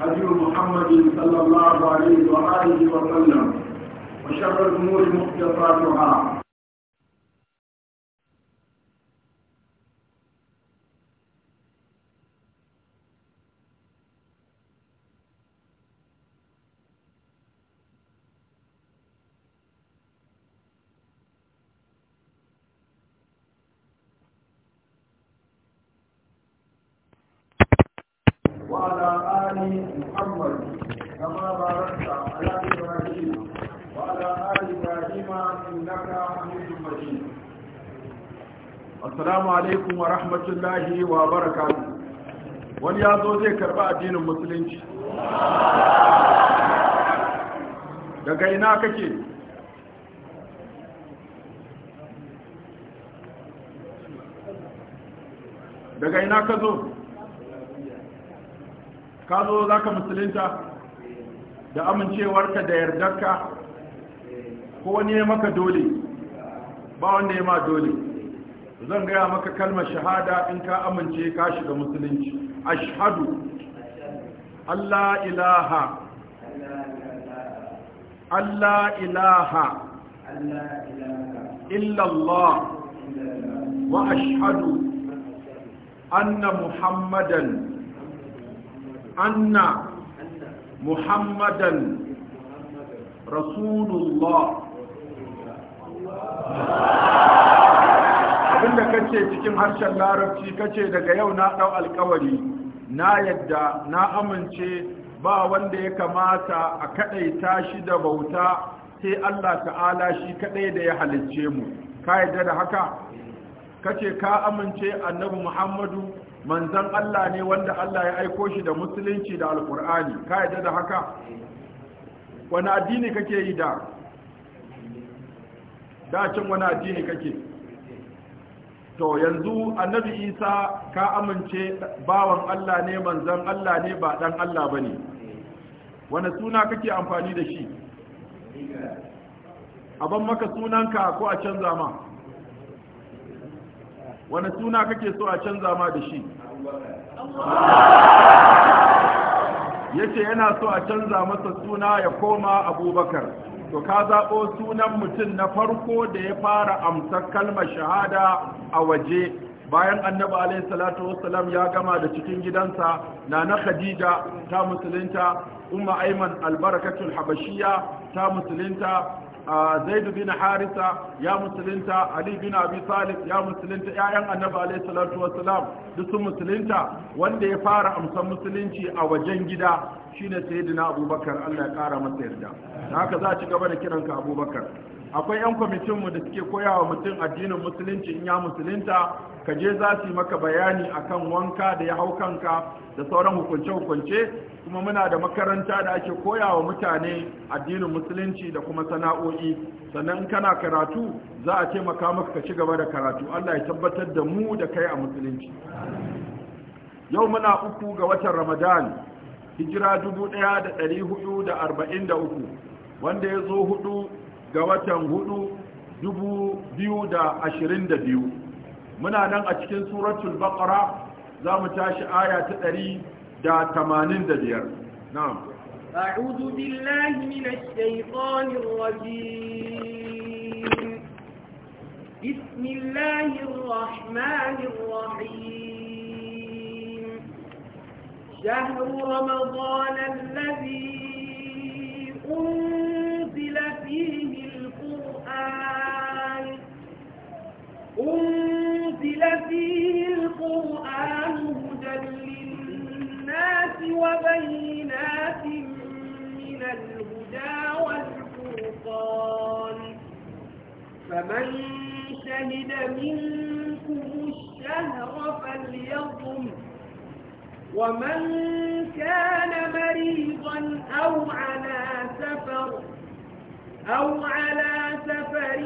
هدي محمد صلى الله عليه وآله وسلم وشر الأمور محدثاتها assalamu alaikum wa rahmatullahi wa barakatu wani ya zo zai karba addinin musulunci daga ina kake daga ina ka zo ka zo za ka musulunta da amincewarka da yardarka ko wani ya maka dole ba wanda ya ma dole zan gaya maka kalmar shahada in ka amince ka shiga musulunci ashhadu Allah ilaha Allah ilaha illallah wa ashhadu anna muhammadan anna muhammadan rasulullah abinda kace cikin harshen larabci kace daga yau na dau alkawari na yadda na amince ba wanda ya kamata a kadaita shi da bauta sai Allah ta'ala shi kadai da ya halicce mu ka yadda da haka kace ka amince annabi Muhammadu manzon Allah ne wanda Allah ya aiko shi da musulunci da alkur'ani ka yadda da haka wani addini kake yi da dacin wani addini kake to yanzu annabi isa ka amince bawan allah ne manzan allah ne ba dan allah ba ne wani suna kake amfani da shi abin maka sunanka ko a canza ma wani suna kake so a canza ma da shi ce yana so a canza masa suna ya koma abubakar to ka zaɓo sunan mutum na farko da ya fara amsar kalmar shahada a waje bayan annabi alaihi salatu wassalam ya gama da cikin gidansa na na khadija ta musulunta umma aiman albarakatul habashiya ta musulunta zaid bin harisa ya musulunta ali bin abi ya musulunta ƴaƴan annabi alaihi salatu wassalam duk sun musulunta wanda ya fara amsa musulunci a wajen gida shine sayyidina abubakar Allah ya kara masa yarda haka za a ci gaba da kiranka abubakar akwai 'yan kwamitinmu da suke koyawa mutum addinin musulunci in ya musulunta ka je za su yi maka bayani a kan wanka da ya hau kanka da sauran hukunce-hukunce kuma muna da makaranta da ake koya wa mutane addinin musulunci da kuma sana'o'i sannan kana karatu za a taimaka maka ka ci gaba da karatu Allah ya tabbatar da mu da kai a musulunci yau muna uku ga watan ramadan hijira dubu ɗaya da da ɗari uku, wanda ya zo hudu ga watan hudu biyu. من nan أتكلم سورة البقرة baqara za آية tashi aya ta ɗari da أعوذ بالله من الشيطان الرجيم بسم الله الرحمن الرحيم شهر رمضان الذي أنزل فيه القرآن أنزل فيه القرآن هدى للناس وبينات من الهدى والفرقان فمن شهد منكم الشهر فليظلم ومن كان مريضا أو على سفر أو على سفر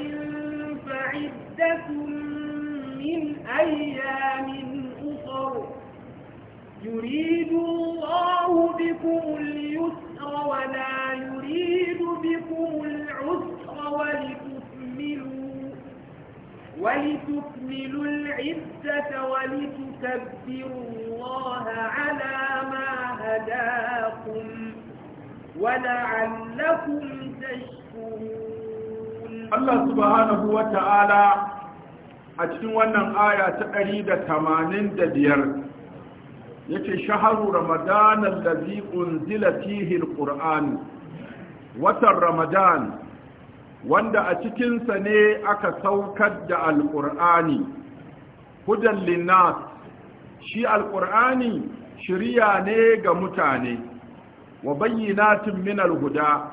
فعدة من أيام أخر يريد الله بكم اليسر ولا يريد بكم العسر ولتكملوا ولتكملوا العزة ولتكبروا الله على ما هداكم ولعلكم تشكرون الله سبحانه وتعالى a cikin wannan aya ta ɗari da 185 yace shaharu ramadan allazi unzila fihi ƙur'an watan ramadan wanda a cikinsa ne aka saukar da Al-Ƙur'ani. hudan linnas shi Al-Ƙur'ani shirya ne ga mutane wa tun min alhuda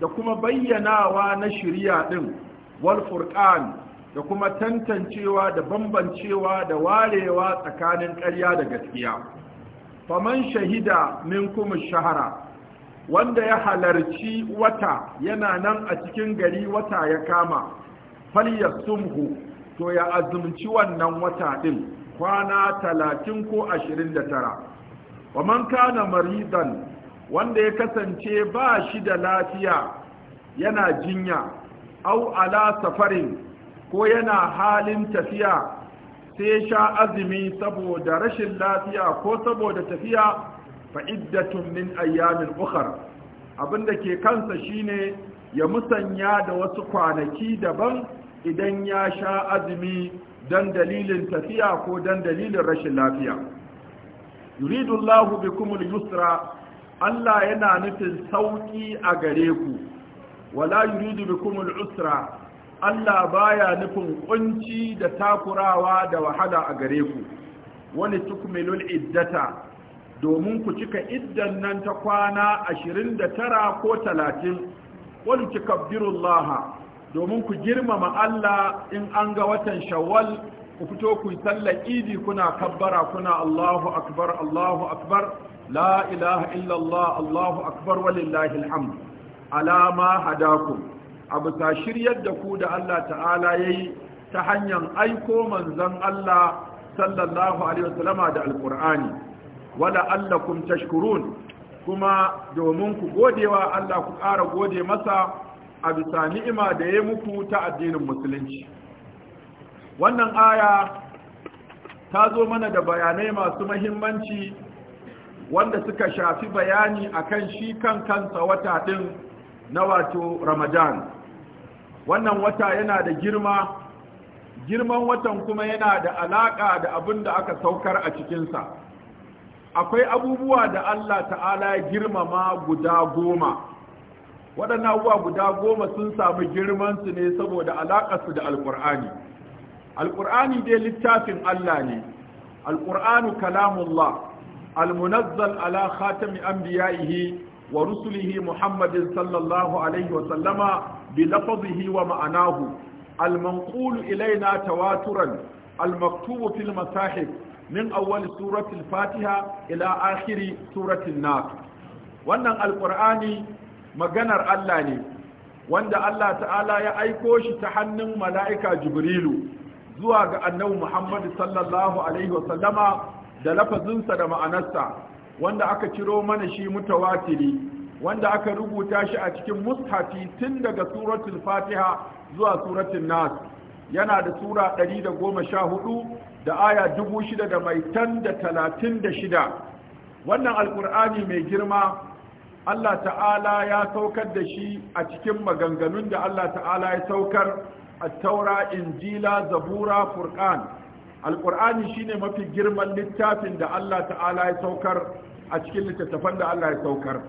da kuma bayyanawa na shiriya ɗin wal da kuma tantancewa da bambancewa da warewa tsakanin ƙarya da gaskiya faman shahida min minkum shahara wanda ya halarci wata yana nan a cikin gari wata ya kama sumhu to ya azumci wannan wata ɗin, kwana talatin ko ashirin 29 waman kana maridan wanda ya kasance ba shi da lafiya yana jinya au ala safarin ko yana halin tafiya sai sha azumi saboda rashin lafiya ko saboda tafiya fa iddatun min ayyamin ukhar abinda ke kansa shine ya musanya da wasu kwanaki daban idan ya sha azumi dan dalilin tafiya ko dan dalilin rashin lafiya yuridullahu bikumul yusra Allah yana nufin sauki a gare ku wala yuridu bikumul usra Allah baya nufin kunci da takurawa da wahala a gare ku wani tukmilul iddata domin ku cika iddan nan ta kwana 29 ko 30 wani tukabbirullaha domin ku girmama Allah in an ga watan shawwal ku fito ku yi sallar idi kuna kabbara kuna Allahu akbar Allahu akbar la ilaha illallah Allahu akbar walillahi alhamd alama hadakum a ta shiryar da ku da Allah ta'ala ya yi ta hanyar aiko manzan Allah sallallahu alaihi wasallama da alkur'ani Allah kun tashkurun kuma domin ku godewa Allah ku ƙara gode masa a bisa ni'ima da ya muku ta addinin musulunci wannan aya ta zo mana da bayanai masu mahimmanci wanda suka shafi bayani akan shi kan kansa wata ɗin na wato ramadan wannan wata yana da girma girman watan kuma yana da alaƙa da abin da aka saukar a cikinsa akwai abubuwa da Allah ta'ala ya girmama guda goma waɗannan abubuwa guda goma sun samu girmansu ne saboda alaƙarsu da alƙur'ani alƙur'ani dai littafin Allah ne alƙur'anu kalamullah almunazzal ala khatami anbiya'ihi wa rusulihi muhammadin sallallahu alaihi wa sallama بلفظه ومعناه المنقول إلينا تواترا المكتوب في المصاحف من أول سورة الفاتحة إلى آخر سورة الناس wannan Alƙur'ani maganar Allah ne wanda Allah ta'ala ya aiko shi ta hannun mala'ika jibrilu zuwa ga annabi Muhammad sallallahu alaihi sallama da lafazinsa da ma'anarsa wanda aka ciro mana shi mutawatiri wanda aka rubuta shi a cikin mushafi tun daga suratul fatiha zuwa suratul nas yana da sura 114 da aya shida. wannan alkur'ani mai girma Allah ta'ala ya saukar da shi a cikin maganganun da Allah ta'ala ya saukar a taura injila zabura furqan alkur'ani shine mafi girman littafin da Allah ta'ala ya saukar a cikin littattafan da Allah ya saukar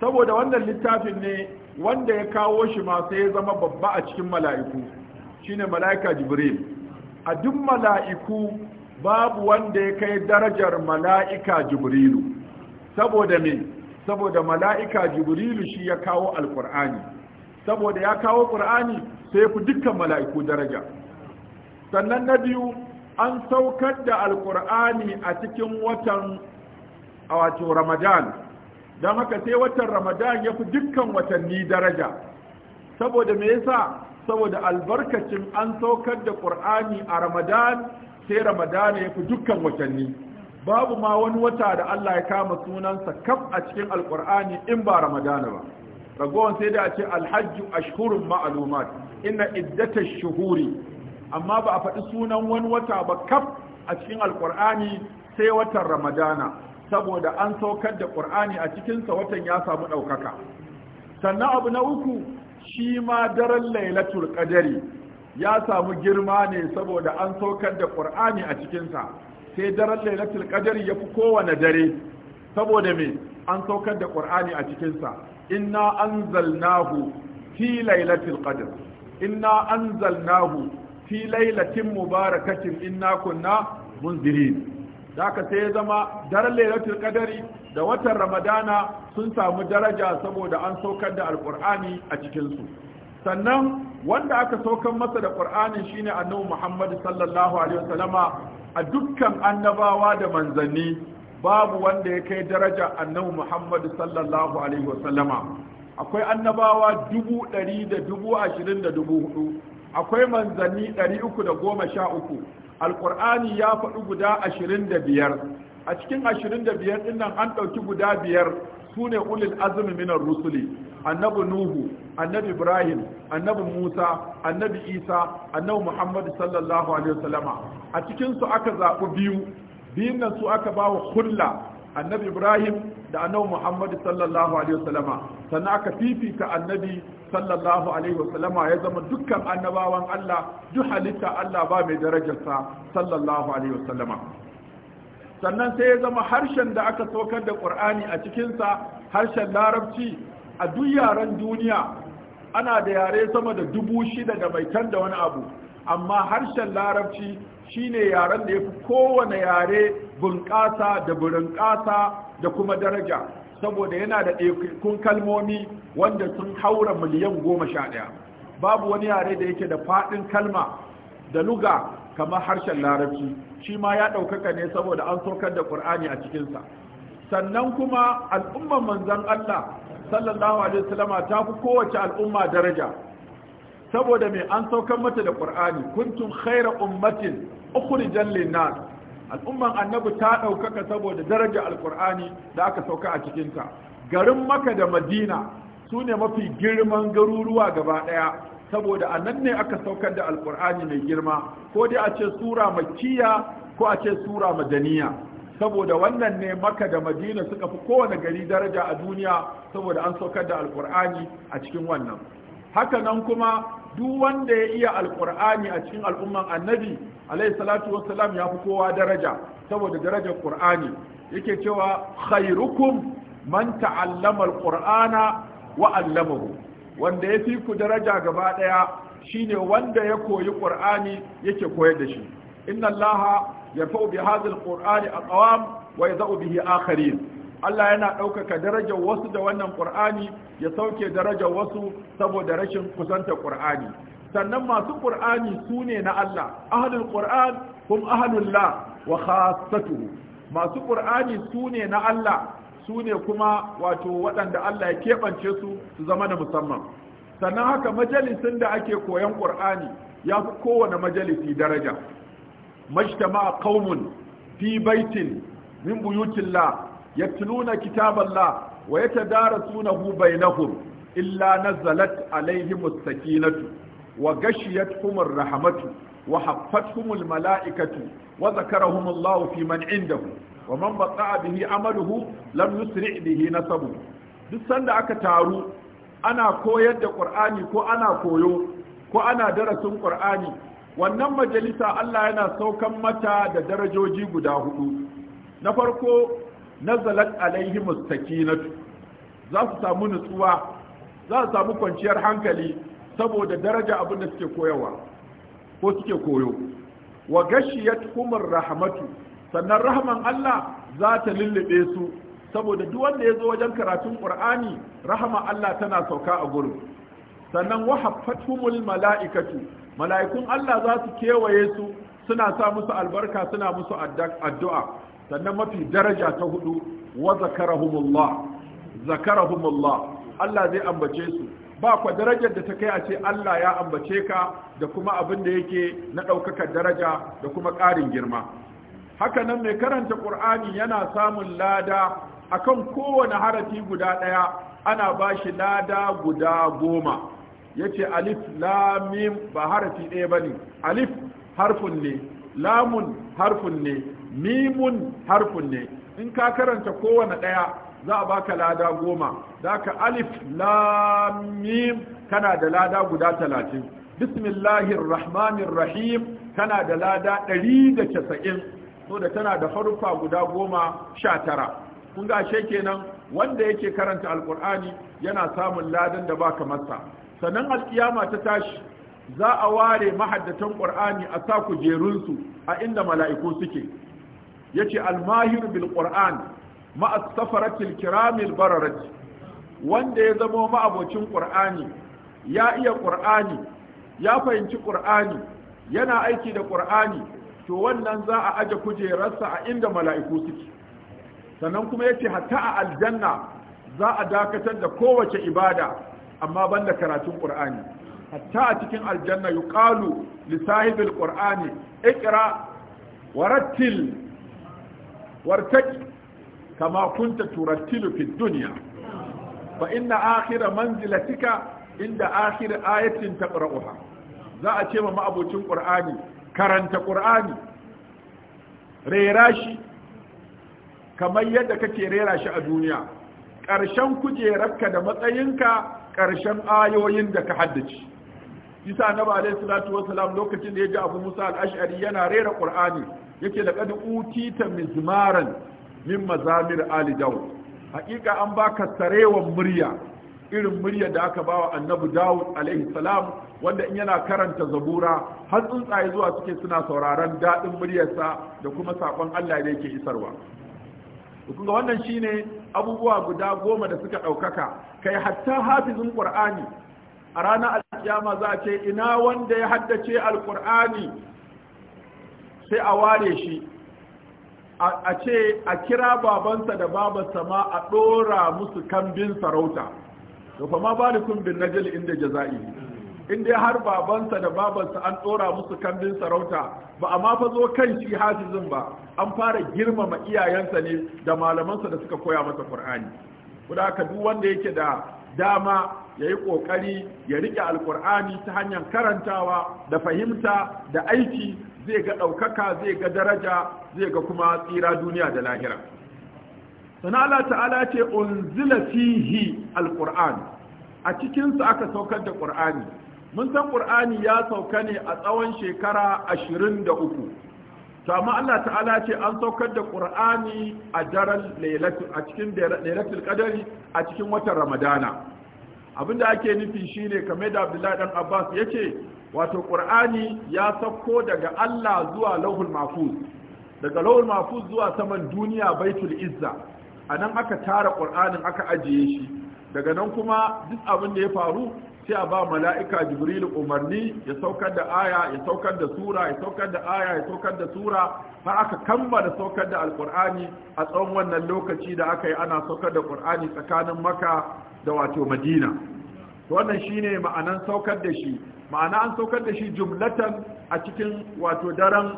saboda wannan littafin ne wanda ya kawo shi ma ya zama babba a cikin mala'iku shine mala'ika jibril a duk mala'iku babu wanda ya kai darajar mala'ika jibrilu saboda me saboda mala'ika jibrilu shi ya kawo alkur'ani saboda ya kawo qur'ani sai ya fi dukkan mala'iku daraja sannan na biyu an saukar da alkur'ani a cikin watan a wato ramadan Da haka sai watan ramadan ya fi dukkan watanni daraja saboda me yasa saboda albarkacin an saukar da ƙur'ani a ramadan sai ramadan ya fi dukkan watanni babu ma wani wata da allah ya kama sunansa kaf a cikin alƙur'ani in ba ramadan ba ragowar sai da a ce alhajju ashhurun ma'alumat inna iddata shuhuri amma ba a faɗi sunan wani wata ba kaf a cikin alƙur'ani sai watan ramadana saboda an saukar da ƙur'ani a cikinsa watan ya samu ɗaukaka sannan abu na uku shi ma daren lailatul qadari ya samu girma ne saboda an saukar da ƙur'ani a cikinsa sai daren lailatul Ƙadari ya fi kowane dare saboda me an saukar da ƙur'ani a cikinsa inna anzalnahu fi lailatul Ƙadar, inna anzalnahu fi lailatin mubarakatin inna kunna munzirin da aka sai ya zama daren lailatul kadari da watan ramadana sun samu daraja saboda an saukar da alƙur'ani a cikinsu sannan wanda aka saukar masa da ƙur'ani shine annabi muhammadu sallallahu alaihi wasallama a dukkan annabawa da manzanni babu wanda ya kai daraja annabi muhammadu sallallahu alaihi wasallama akwai annabawa dubu ɗari da dubu ashirin da dubu hudu akwai manzanni ɗari uku da goma sha uku alkur'ani ya faɗi guda ashirin da biyar a cikin ashirin da biyar ɗin nan an ɗauki guda biyar su ne ulil azumi minar rusuli annabi nuhu annabi ibrahim annabi musa annabi isa annabi muhammadu sallallahu alaihi wasallama a cikin su aka zaɓi biyu biyun nan su aka ba wa hulla annabi ibrahim da annabi muhammad sallallahu alaihi wasallama sannan aka fifita annabi sallallahu alaihi wasallama ya zama dukkan annabawan Allah duk halitta Allah ba mai darajarsa sallallahu alaihi wasallama sannan sai ya zama harshen da aka saukar da ƙur'ani a cikinsa harshen larabci a duk yaren duniya ana da yare sama da dubu shida da mai can da wani abu amma harshen larabci Shi ne yaren da ya fi kowane yare bunƙasa da burinƙasa da kuma daraja saboda yana da ɗaikun kalmomi wanda sun haura miliyan goma sha ɗaya babu wani yare da yake da faɗin kalma da luga kamar harshen larabci shi ma ya ɗaukaka ne saboda an saukar da ƙur'ani a cikinsa sannan kuma al'ummar manzon Allah sallallahu alaihi wasallama ta fi kowace al'umma daraja saboda mai an saukar mata da ƙur'ani kuntun khaira ummatin ukhrijan linnas al'umman annabi ta ɗaukaka saboda daraja alƙur'ani da aka sauka a cikinta garin maka da madina su ne mafi girman garuruwa gaba ɗaya saboda a nan ne aka saukar da alƙur'ani mai girma ko dai a ce sura makiya ko a ce sura madaniya saboda wannan ne maka da madina suka fi kowane gari daraja a duniya saboda an saukar da alƙur'ani a cikin wannan haka nan kuma duk wanda ya iya alkur'ani a cikin al'umman annabi alaihi salatu wassalam ya fi kowa daraja saboda darajar qur'ani yake cewa khairukum man ta'allama alqur'ana wa 'allamahu wanda ya fi ku daraja gaba daya shine wanda ya koyi qur'ani yake koyar da shi inna allaha yarfa'u bi hadha alqur'ani aqwam wa yadh'u bihi akharin Allah yana ɗaukaka darajar wasu da wannan ƙur'ani ya sauke darajar wasu saboda rashin kusanta ƙur'ani sannan masu ƙur'ani su ne na Allah ahlul ƙur'an kum ahlul la wa khassatuhu masu ƙur'ani su ne na Allah su ne kuma wato waɗanda Allah ya keɓance su su zama na musamman sannan haka majalisin da ake koyan ƙur'ani ya fi kowane majalisi daraja majtama qaumun fi baitin min buyutillah yatluna kitaballah wa yatadarasunahu bainahum illa nazalat alaihimus sakinatu wa gashiyatuhumur rahmatu wa haffathumul malaikatu wa zakarahumullahu fi man indahu wa man bata'a bihi amaluhu lam yusri' bihi nasabu duk sanda aka taru ana koyar da qur'ani ko ana koyo ko ana darasin qur'ani wannan majalisa Allah yana saukan mata da darajoji guda hudu na farko nazalat alaihi sakinatu za su samu nutsuwa za su samu kwanciyar hankali saboda daraja abin da suke koyawa ko suke koyo wa gashiyat humur rahmatu sannan rahman Allah za ta lullube su saboda duk wanda ya zo wajen karatun Qur'ani rahama Allah tana sauka a gurin sannan wa haffatumul mala'ikatu mala'ikun Allah za su kewaye su suna sa musu albarka suna musu addu'a sannan mafi daraja ta hudu wa zakarahumullah zakarahumullah Allah zai ambace su ba kwa darajar da ta kai a ce Allah ya ambace ka da kuma abin da yake na ɗaukaka daraja da kuma ƙarin girma haka nan mai karanta ƙur'ani yana samun lada akan kowane harafi guda ɗaya ana ba shi lada guda goma yace ce alif mim ba harafi ɗaya bane alif harfun ne lamun harfun ne mimun harfun ne in ka karanta kowane ɗaya za a baka lada goma za ka alif lamim kana da lada guda talatin bismillahir rahmanir rahim kana da lada ɗari da casa'in so da tana da farufa guda goma sha tara kun ga ashe kenan wanda yake karanta alkur'ani yana samun ladan da baka masa sannan alkiyama ta tashi za a ware mahaddatan ƙur'ani a sa kujerunsu a inda mala'iku suke yace al-mahir bil qur'an ma as kiramil bararati wanda ya zamo ma'abocin qur'ani ya iya qur'ani ya fahimci qur'ani yana aiki da qur'ani to wannan za a aje kujerarsa a inda mala'iku suke sannan kuma yace hatta a aljanna za a dakatar da kowace ibada amma banda karatun qur'ani hatta a cikin aljanna yuqalu li sahibil qur'ani iqra warattil Wartak kama kunta turattilu duniya, ba fa inna akhira manzilatika inda akhir ayatin taqra'uha za a ce ma ma'abocin ƙur'ani, karanta ƙur'ani, rera shi kamar yadda kake rera shi a duniya ƙarshen kujerarka da matsayinka ƙarshen ayoyin da ka haddace isa na ba alaihi salatu wasalam lokacin da ya ji abu musa al-ash'ari yana rera ƙur'ani. yake da laqad utita mizmaran min mazamir ali daud hakika an baka sarewan murya irin murya da aka bawa annabi daud alaihi salam wanda in yana karanta zabura har tsuntsaye zuwa suke suna sauraron daɗin muryarsa da kuma saƙon allah da yake isarwa ga wannan shine abubuwa guda goma da suka ɗaukaka kai hatta hafizin ƙur'ani a ranar alkiyama za a ce ina wanda ya haddace alkur'ani sai a ware shi a ce a kira babansa da babansa ma a ɗora musu kambin sarauta to fa ma balikum bin najal inda jaza'i in dai har babansa da babansa an ɗora musu kambin sarauta ba a ma fa zo kan shi hafizin ba an fara girmama iyayensa ne da malamansa da suka koya masa qur'ani kuma haka duk wanda yake da dama ya yi ƙoƙari ya riƙe alƙur'ani ta hanyar karantawa da fahimta da aiki zai ga ɗaukaka zai ga daraja zai ga kuma tsira duniya da lahira sana Allah ta'ala ce unzila fihi alquran a cikin sa aka saukar da qur'ani mun san qur'ani ya sauka ne a tsawon shekara 23 to amma Allah ta'ala ce an saukar da qur'ani a daren lailatul a cikin lailatul qadari a cikin watan ramadana abinda ake nufi shine kamar da Abdullahi dan Abbas yace wato qur'ani ya sauko daga Allah zuwa lauhul mahfuz daga lauhul mahfuz zuwa saman duniya baitul izza anan aka tara qur'anin aka ajiye shi daga nan kuma duk abin da ya faru sai a ba mala'ika jibril umarni ya saukar da aya ya saukar da sura ya saukar da aya ya saukar da sura har aka kammala saukar da alqur'ani a tsawon wannan lokaci da aka yi ana saukar da Ƙur'ani tsakanin maka da wato madina wannan shine ma'anan saukar da shi ma'ana an saukar da shi jumlatan a cikin wato daren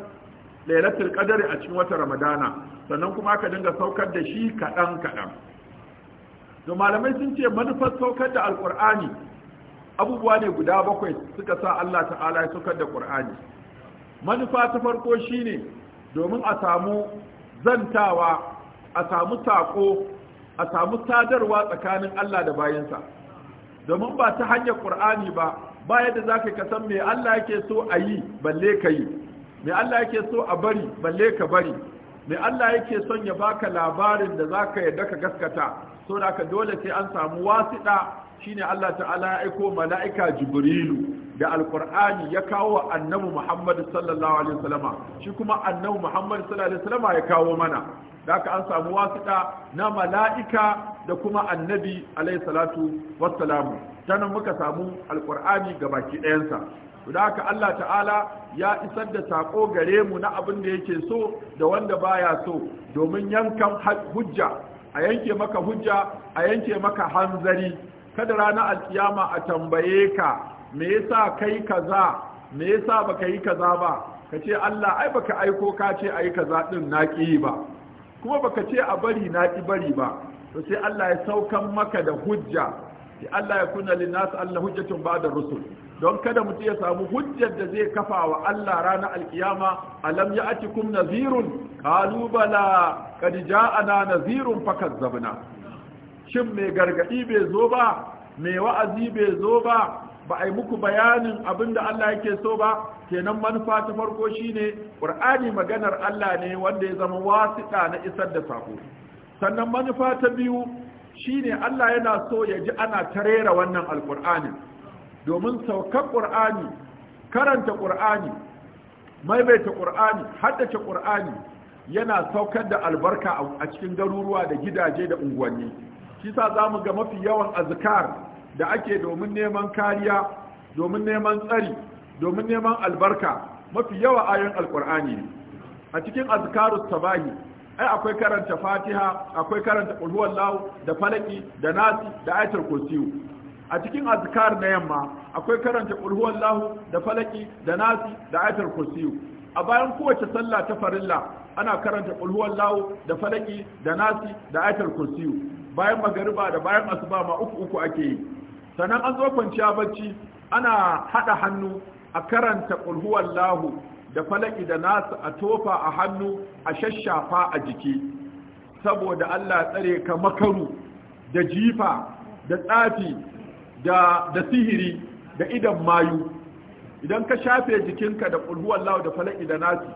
lailatul qadr a cikin wata ramadana sannan kuma aka dinga saukar da shi kadan kadan to malamai sun ce manufar saukar da alqur'ani abubuwa ne guda bakwai suka sa Allah ta'ala ya saukar da qur'ani manufa ta farko shine domin a samu zantawa a samu sako a samu sadarwa tsakanin Allah da bayinsa domin ba ta hanyar qur'ani ba ba yadda zaka ka san me Allah yake so a yi balle ka yi me Allah yake so a bari balle ka bari me Allah yake son ya baka labarin da zaka yadda ka gaskata so da ka dole sai an samu wasiɗa shine Allah ta'ala ya aiko mala'ika jibrilu da alkur'ani ya kawo wa annabi muhammad sallallahu alaihi wasallama shi kuma annabi muhammad sallallahu alaihi wasallama ya kawo mana da ka an samu wasiɗa na mala'ika da kuma annabi alaihi salatu wassalamu dan muka samu alkur'ani ga baki ɗayansa da haka Allah ta'ala ya isar da saƙo gare mu na abin da yake so da wanda baya so domin yankan hujja a yanke maka hujja a yanke maka hanzari kada rana alkiyama a tambaye ka me yasa kai kaza me yasa baka yi kaza ba ka ce Allah ai baka aiko ka ce ayi kaza din na ki ba kuma baka ce a bari na ki bari ba to sai Allah ya saukan maka da hujja ya Allah ya kuna linnas Allah hujjatun ba da rusul don kada mutum ya samu hujjar da zai kafa wa Allah ranar alkiyama alam ya ati Nazirun, nazirun kalubala kad ja'ana nazirun fakazzabna shin mai gargadi bai zo ba mai wa'azi bai zo ba ba a yi muku bayanin abin da Allah yake so ba kenan manufa ta farko shine qur'ani maganar Allah ne wanda ya zama wasiƙa na isar da sako sannan manufa ta biyu shine Allah yana so ya ji ana tarera wannan Alƙur'anin. domin saukar qur'ani karanta qur'ani maimaita ƙur'ani, haddace ƙur'ani yana saukar da albarka a cikin garuruwa da gidaje da unguwanni shi sa mu ga mafi yawan azkar da ake domin neman kariya domin neman tsari domin neman albarka mafi yawa ayoyin alkur'ani a cikin azkarus sabahi ai akwai karanta fatiha akwai karanta lau da falaki da nasi da ayatul kursiyu a cikin azkar na yamma akwai karanta Lahu da falaki da nasi da ayatul kursiyu a bayan kowace sallah ta farilla ana karanta qulhuwallahu da falaki da nasi da ayatul kursiyu bayan magariba da bayan asuba ma uku uku ake yi sannan an zo kwanciya bacci ana hada hannu a karanta lahu da falaki da nasu a tofa a hannu a shashafa a jiki saboda Allah tsare ka makaru da jifa da tsafi da, da sihiri da idan mayu idan ka shafe jikinka da ƙulhuwallahu da falaki da nasu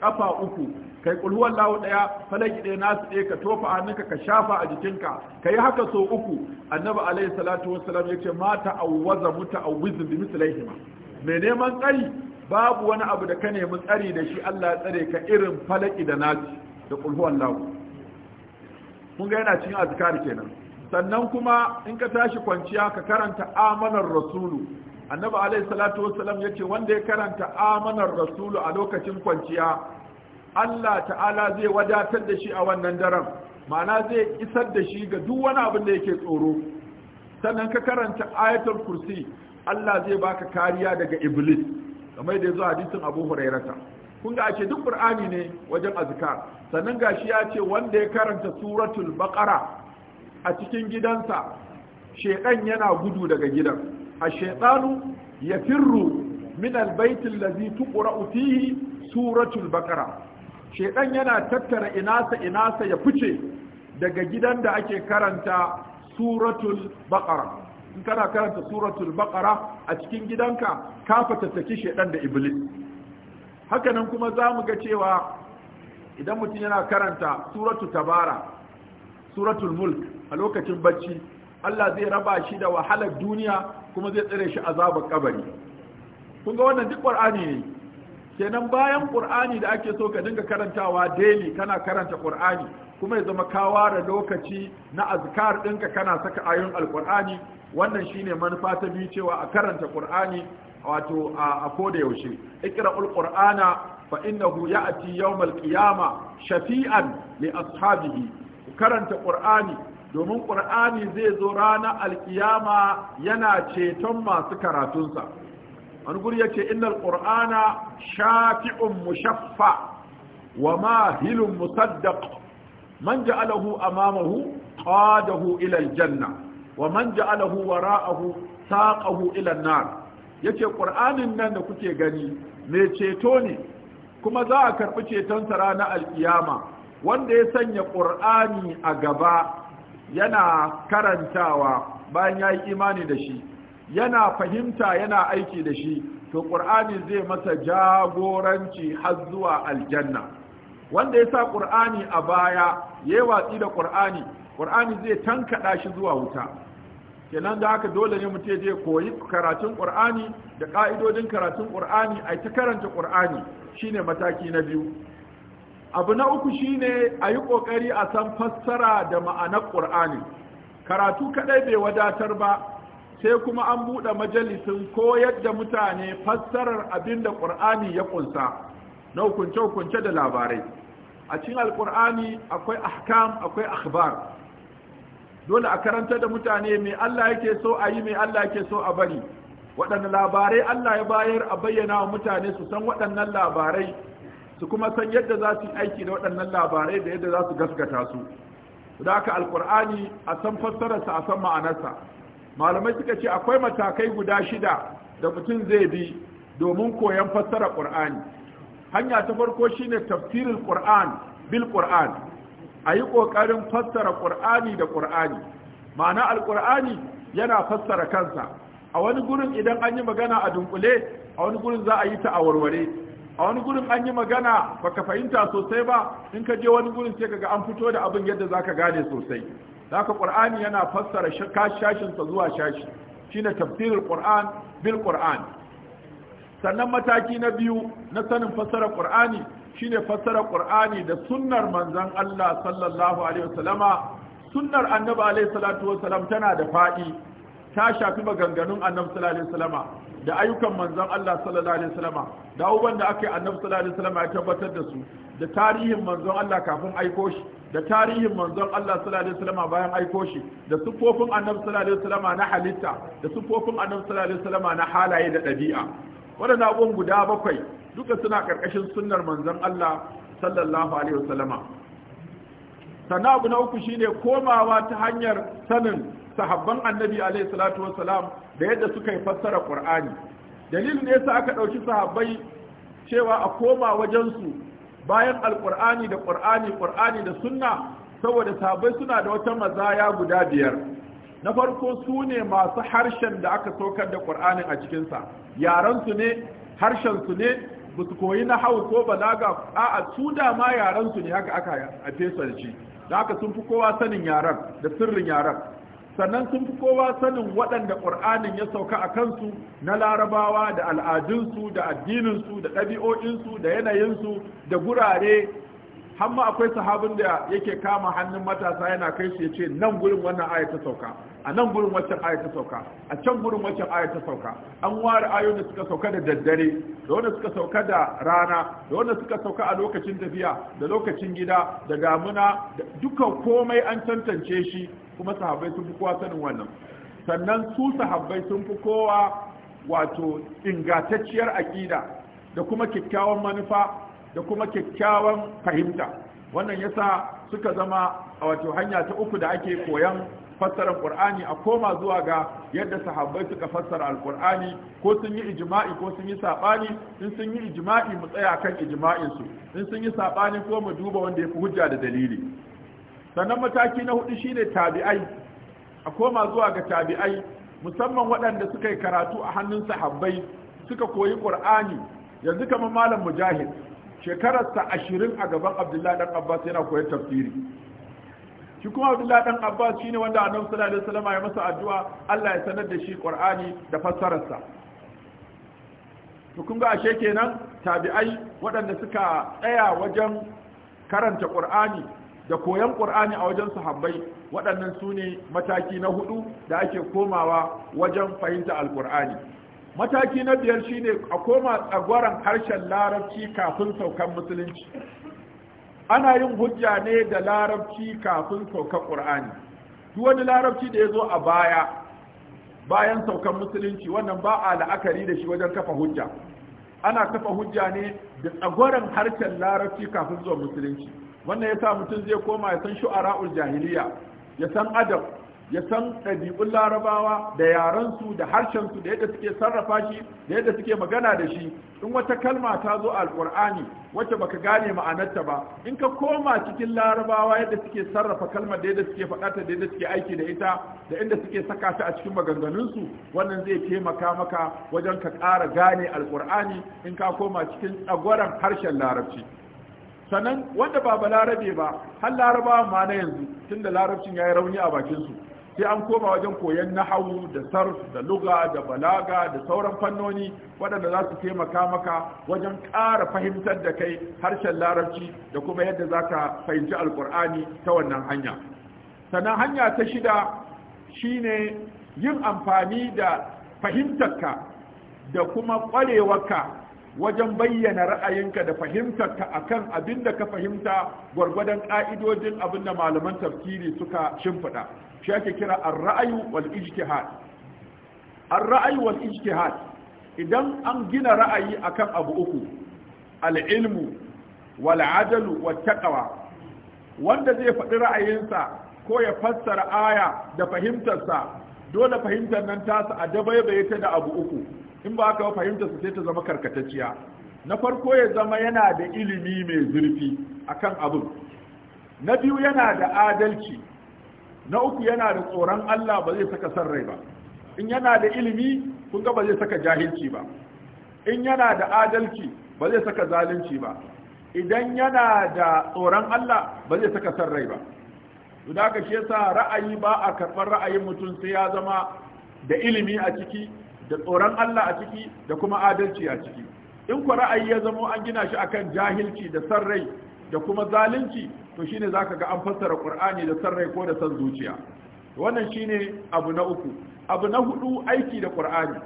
ƙafa uku kai kul huwallahu daya falaki daya nasu daya ka tofa hannunka ka shafa a jikinka kai haka so uku annabi alayhi salatu wassalam yace ma ta'awwaza muta'awwiz bi mislaihima me neman tsari babu wani abu da ka nemi tsari da shi Allah ya tsare ka irin falaki da nasu da kul kun ga yana cikin azkar kenan sannan kuma in ka tashi kwanciya ka karanta amanar rasulu annabi alayhi salatu wassalam yace wanda ya karanta amanar rasulu a lokacin kwanciya Allah ta'ala zai wadatar da shi a wannan daren ma'ana zai isar da shi ga duk wani abin da yake tsoro sannan ka karanta ayatul kursi Allah zai baka kariya daga iblis kamar da yazo hadisin Abu Hurairata kun ga ashe duk Qur'ani ne wajen azkar sannan gashi ya ce wanda ya karanta suratul baqara a cikin gidansa shedan yana gudu daga gidan a shaytanu ya firru min albayt allazi tuqra'u fihi suratul baqara shedan yana tattara inasa inasa ya fice daga gidan da ake karanta suratul baqara in kana karanta suratul baqara a cikin gidanka ka fatattaki shedan da iblis hakanan kuma zamu ga cewa idan mutum yana karanta suratul tabara suratul mulk a lokacin bacci Allah zai raba shi da wahalar duniya kuma zai tsare shi azabar kabari kun ga wannan duk qur'ani ne kenan bayan ƙur'ani da ake so ka dinga karantawa daily kana karanta ƙur'ani. kuma ya zama ka ware lokaci na azkar ɗinka kana saka ayoyin alqur'ani wannan shine manufa ta biyu cewa a karanta qur'ani wato a koda yaushe ikra alqur'ana fa innahu ya'ti yawmal alqiyama shafi'an li ashabihi karanta ƙur'ani. domin ƙur'ani zai zo rana alƙiyama yana ceton masu karatunsa wani guri yace innal qur'ana shafi'un mushaffa wa mahilun musaddaq man ja'alahu amamahu qadahu ila aljanna wa man ja'alahu wara'ahu saqahu ila an-nar yace qur'anin nan da kuke gani me ceto ne kuma za a karbi ceton sa ranar alkiyama wanda ya sanya qur'ani a gaba yana karantawa bayan yayi imani da shi yana fahimta yana aiki da shi to ƙur'ani zai masa jagoranci har zuwa aljanna wanda ya sa qur'ani a baya yayi watsi da ƙur'ani, ƙur'ani zai tankaɗa shi zuwa wuta kenan da haka dole ne mutum je koyi karatun ƙur'ani da ƙa'idodin karatun qur'ani ai ta karanta qur'ani shine mataki na biyu abu na uku shine a yi ƙoƙari a san fassara da ma'anar ƙur'ani karatu kaɗai bai wadatar ba sai kuma an buɗe majalisin ko yadda mutane fassarar abin da ƙur'ani ya ƙunsa na hukunce-hukunce da labarai a cikin alƙur'ani akwai ahkam akwai akhbar dole a karanta da mutane mai Allah yake so a yi mai Allah yake so a bari waɗanne labarai Allah ya bayar a bayyana wa mutane su san waɗannan labarai su kuma san yadda za su yi aiki da waɗannan labarai da yadda za su gaskata su da haka alƙur'ani a san fassararsa a san ma'anarsa malamai suka ce akwai matakai guda shida da mutum zai bi domin koyon fassara ƙur'ani hanya ta farko shine tafsirin ƙur'an bil ƙur'an a yi ƙoƙarin fassara ƙur'ani da ƙur'ani ma'ana alƙur'ani yana fassara kansa a wani gurin idan an yi magana a dunkule a wani gurin za a yi ta a warware a wani gurin an yi magana baka fahimta sosai ba in ka je wani gurin sai kaga an fito da abin yadda zaka gane sosai haka qur'ani yana fassara shashin zuwa shashi shine tafsirul qur'an bil qur'an sannan mataki na biyu na sanin fassara qur'ani shine fassara qur'ani da sunnar manzan Allah sallallahu alaihi wasallama sunnar annabi alaihi salatu wasallam tana da faɗi. ta shafi maganganun annabi sallallahu alaihi wasallam da ayyukan manzon Allah sallallahu alaihi wasallam da uban da aka yi annabi sallallahu alaihi wasallam ya tabbatar da su da tarihin manzon Allah kafin aiko shi da tarihin manzon Allah sallallahu alaihi wasallam bayan aiko shi da sufofin annabi sallallahu alaihi wasallam na halitta da sufofin annabi sallallahu alaihi wasallam na halaye da ɗabi'a waɗannan abubuwan guda bakwai duka suna ƙarƙashin sunnar manzon Allah sallallahu alaihi wasallam sannan abu na uku shine komawa ta hanyar sanin sahabban annabi alaihi salatu wassalam da yadda suka yi fassara qur'ani dalilin ne yasa aka dauki sahabbai cewa a koma wajen su bayan alqur'ani da qur'ani qur'ani da sunna saboda sahabbai suna da wata mazaya guda biyar na farko su ne masu harshen da aka saukar da qur'anin a cikin sa yaran su ne harshen su ne ba su koyi na hau ko balaga a'a su da ma yaran su ne haka aka a fesarci da shi da haka sun fi kowa sanin yaran da sirrin yaran sannan sun fi kowa sanin waɗanda ƙur'anin ya sauka a kansu na larabawa da al'adunsu da addininsu da ɗabi'o'insu da yanayinsu da gurare hamma akwai sahabin da yake kama hannun matasa yana kai su ya ce nan gurin wannan aya ta sauka a nan gurin wancan aya ta sauka a can gurin wancan aya ta sauka an ware ayoyin da suka sauka da daddare da wanda suka sauka da rana da wanda suka sauka a lokacin tafiya da lokacin gida da damuna dukan komai an tantance shi kuma sahabbai sun fi kowa sanin wannan sannan su sahabbai sun fi kowa wato ingantacciyar aƙida da kuma kyakkyawan manufa da kuma kyakkyawan fahimta wannan yasa suka zama a wato hanya ta uku da ake koyan fassara qur'ani a koma zuwa ga yadda sahabbai suka fassara alqur'ani ko sun yi ijma'i ko sun yi sabani in sun yi ijma'i mu tsaya kan ijma'in su in sun yi sabani ko mu duba wanda ya hujja da dalili sannan mataki na hudu shine tabi'ai a koma zuwa ga tabi'ai musamman waɗanda suka yi karatu a hannun sahabbai suka koyi qur'ani yanzu kamar malam mujahid shekararsa ashirin a gaban abdullahi dan abbas yana koyar tafsiri shi kuma Abdullahi dan Abbas shine wanda Annabi sallallahu alaihi wasallam ya masa addu'a Allah ya sanar da shi Qur'ani da fassararsa to kun ga ashe kenan tabi'ai waɗanda suka tsaya wajen karanta Qur'ani da koyan Qur'ani a wajen sahabbai waɗannan su ne mataki na hudu da ake komawa wajen fahimta alkur'ani mataki na biyar shine a koma tsagwaron harshen larabci kafin saukan musulunci ana yin hujja ne da larabci kafin saukar ƙur'ani duk wani larabci da ya zo a baya bayan saukar musulunci wannan ba a la'akari da shi wajen kafa hujja ana kafa hujja ne da tsagoran harshen larabci kafin zuwa musulunci wannan yasa mutum zai koma ya san shu'ara'ul jahiliya ya san adab ya san ɗabi'un larabawa da yarensu da harshensu da yadda suke sarrafa shi da yadda suke magana da shi in wata kalma ta zo a alƙur'ani wacce baka gane ma'anarta ba in ka koma cikin larabawa yadda suke sarrafa kalmar da yadda suke faɗata da yadda suke aiki da ita da inda suke saka ta a cikin maganganunsu wannan zai taimaka maka wajen ka ƙara gane alƙur'ani in ka koma cikin tsagwaron harshen larabci sannan wanda ba balarabe ba har larabawa ma na yanzu tunda larabcin ya yi rauni a bakinsu sai an koma wajen koyon nahawu da sarf da luga da balaga da sauran fannoni waɗanda za su taimaka maka wajen ƙara fahimtar da kai harshen larabci da kuma yadda za ka fahimci alƙur'ani ta wannan hanya sannan hanya ta shida shine yin amfani da fahimtarka da kuma ƙwarewarka wajen bayyana ra'ayinka da fahimtarka akan abin da ka fahimta gwargwadon ƙa'idojin abin da malaman tafsiri suka shimfiɗa shi ake kira ar-ra'ayu wal ijtihad ar-ra'ayu wal ijtihad idan an gina ra'ayi akan abu uku al'ilmu, ilmu wal adalu wat taqwa wanda zai faɗi ra'ayinsa ko ya fassara aya da fahimtarsa dole fahimtar nan tasa a dabaibaye ta da abu uku in ba aka fahimta su sai ta zama karkatacciya na farko ya zama yana da ilimi mai zurfi akan abin na biyu yana da adalci na uku yana da tsoron Allah ba zai saka son rai ba in yana da ilimi kun ga ba zai saka jahilci ba in yana da adalci ba zai saka zalunci ba idan yana da tsoron Allah ba zai saka son rai ba da haka shi yasa ra'ayi ba a karɓar ra'ayin mutum sai ya zama da ilimi a ciki da tsoron Allah a ciki da kuma adalci a ciki in ku ra'ayi ya zamo an gina shi akan jahilci da san rai da kuma zalunci to shine zaka ga an fassara Qur'ani da san rai ko da san zuciya wannan shine abu na uku abu na hudu aiki da Qur'ani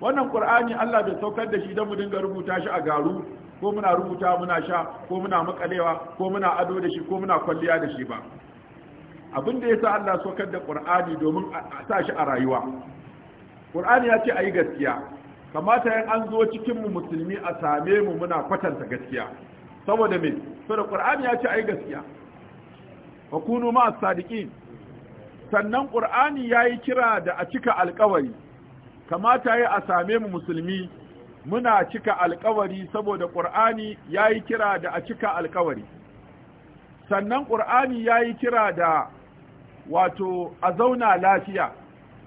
wannan Qur'ani Allah bai saukar da shi don mu dinga rubuta shi a garu ko muna rubuta muna sha ko muna makalewa ko muna ado da shi ko muna kwalliya da shi ba abin da yasa Allah saukar da Qur'ani domin a sa shi a rayuwa qur'ani ya ce ayi gaskiya kamata yan an zo cikin mu musulmi a same mu muna kwatanta gaskiya saboda me saboda qur'ani ya ce ayi gaskiya wa kunu ma sadiqin sannan qur'ani yayi kira da a cika alƙawari kamata yayi a same mu musulmi muna cika alƙawari saboda qur'ani yayi kira da a cika alƙawari sannan qur'ani yayi kira da wato a zauna lafiya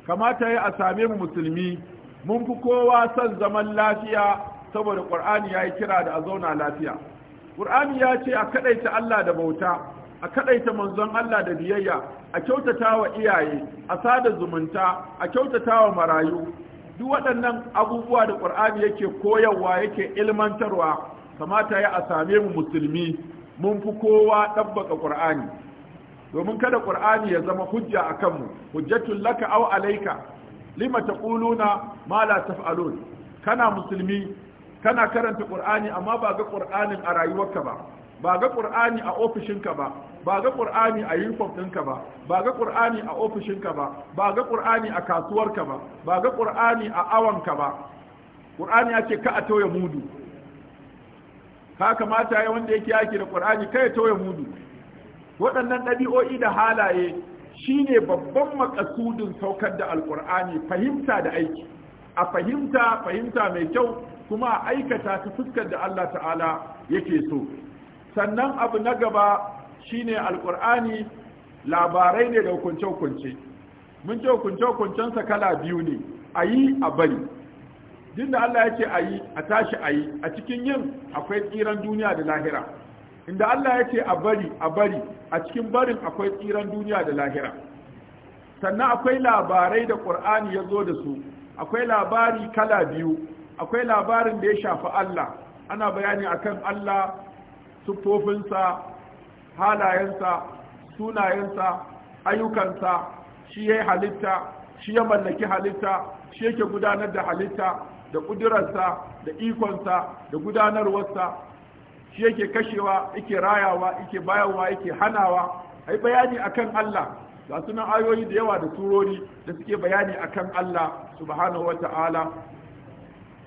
kamata ya a same mu musulmi mun fi kowa son zaman lafiya saboda ƙur'ani ya yi kira da a zauna lafiya ƙur'ani ya ce a kaɗaita Allah da bauta a kaɗaita manzon Allah da biyayya a kyautata wa iyaye a sada zumunta a kyautata wa marayu duk waɗannan abubuwa da ƙur'ani yake koyarwa yake ilmantarwa kamata ya a same mu musulmi mun fi kowa ɗabbaka ƙur'ani domin kada ƙur'ani ya zama hujja akan mu hujjatul laka aw alayka lima ƙuluna, ma la taf'alun kana musulmi kana karanta ƙur'ani? amma ba ga qur'anin a rayuwarka ba ba ga qur'ani a ofishinka ba ba ga qur'ani a uniform ɗinka ba ba ga qur'ani a ofishinka ba ba ga qur'ani a kasuwarka ba ba ga qur'ani a awanka ba Ƙur'ani ya ce ka a tauye mudu ka kamata ya wanda yake yaki da qur'ani kai tauye mudu waɗannan ɗabi'o'i da halaye shi ne babban makasudin saukar da alkur'ani fahimta da aiki a fahimta fahimta mai kyau kuma a aikata ta fuskar da Allah ta'ala yake so sannan abu na gaba shi shine alkur'ani labarai ne da hukunce-hukunce mun ce hukunce-hukuncensa kala biyu ne a yi a bari duk da Allah yake ce a yi a tashi a yi a cikin yin akwai tsiran duniya da lahira inda Allah ya ce a bari a bari a cikin barin akwai tsiran duniya da lahira sannan akwai labarai da ƙur'ani ya zo da su akwai labari kala biyu akwai labarin da ya shafi Allah ana bayani akan Allah siffofinsa halayensa sunayensa ayyukansa shi ya halitta shi ya mallaki halitta shi yake gudanar da halitta da ƙudurarsa da ikonsa da gudanarwarsa shi yake kashewa yake rayawa yake bayarwa yake hanawa ai bayani akan Allah ga sunan ayoyi da yawa da turori da suke bayani akan Allah subhanahu wata'ala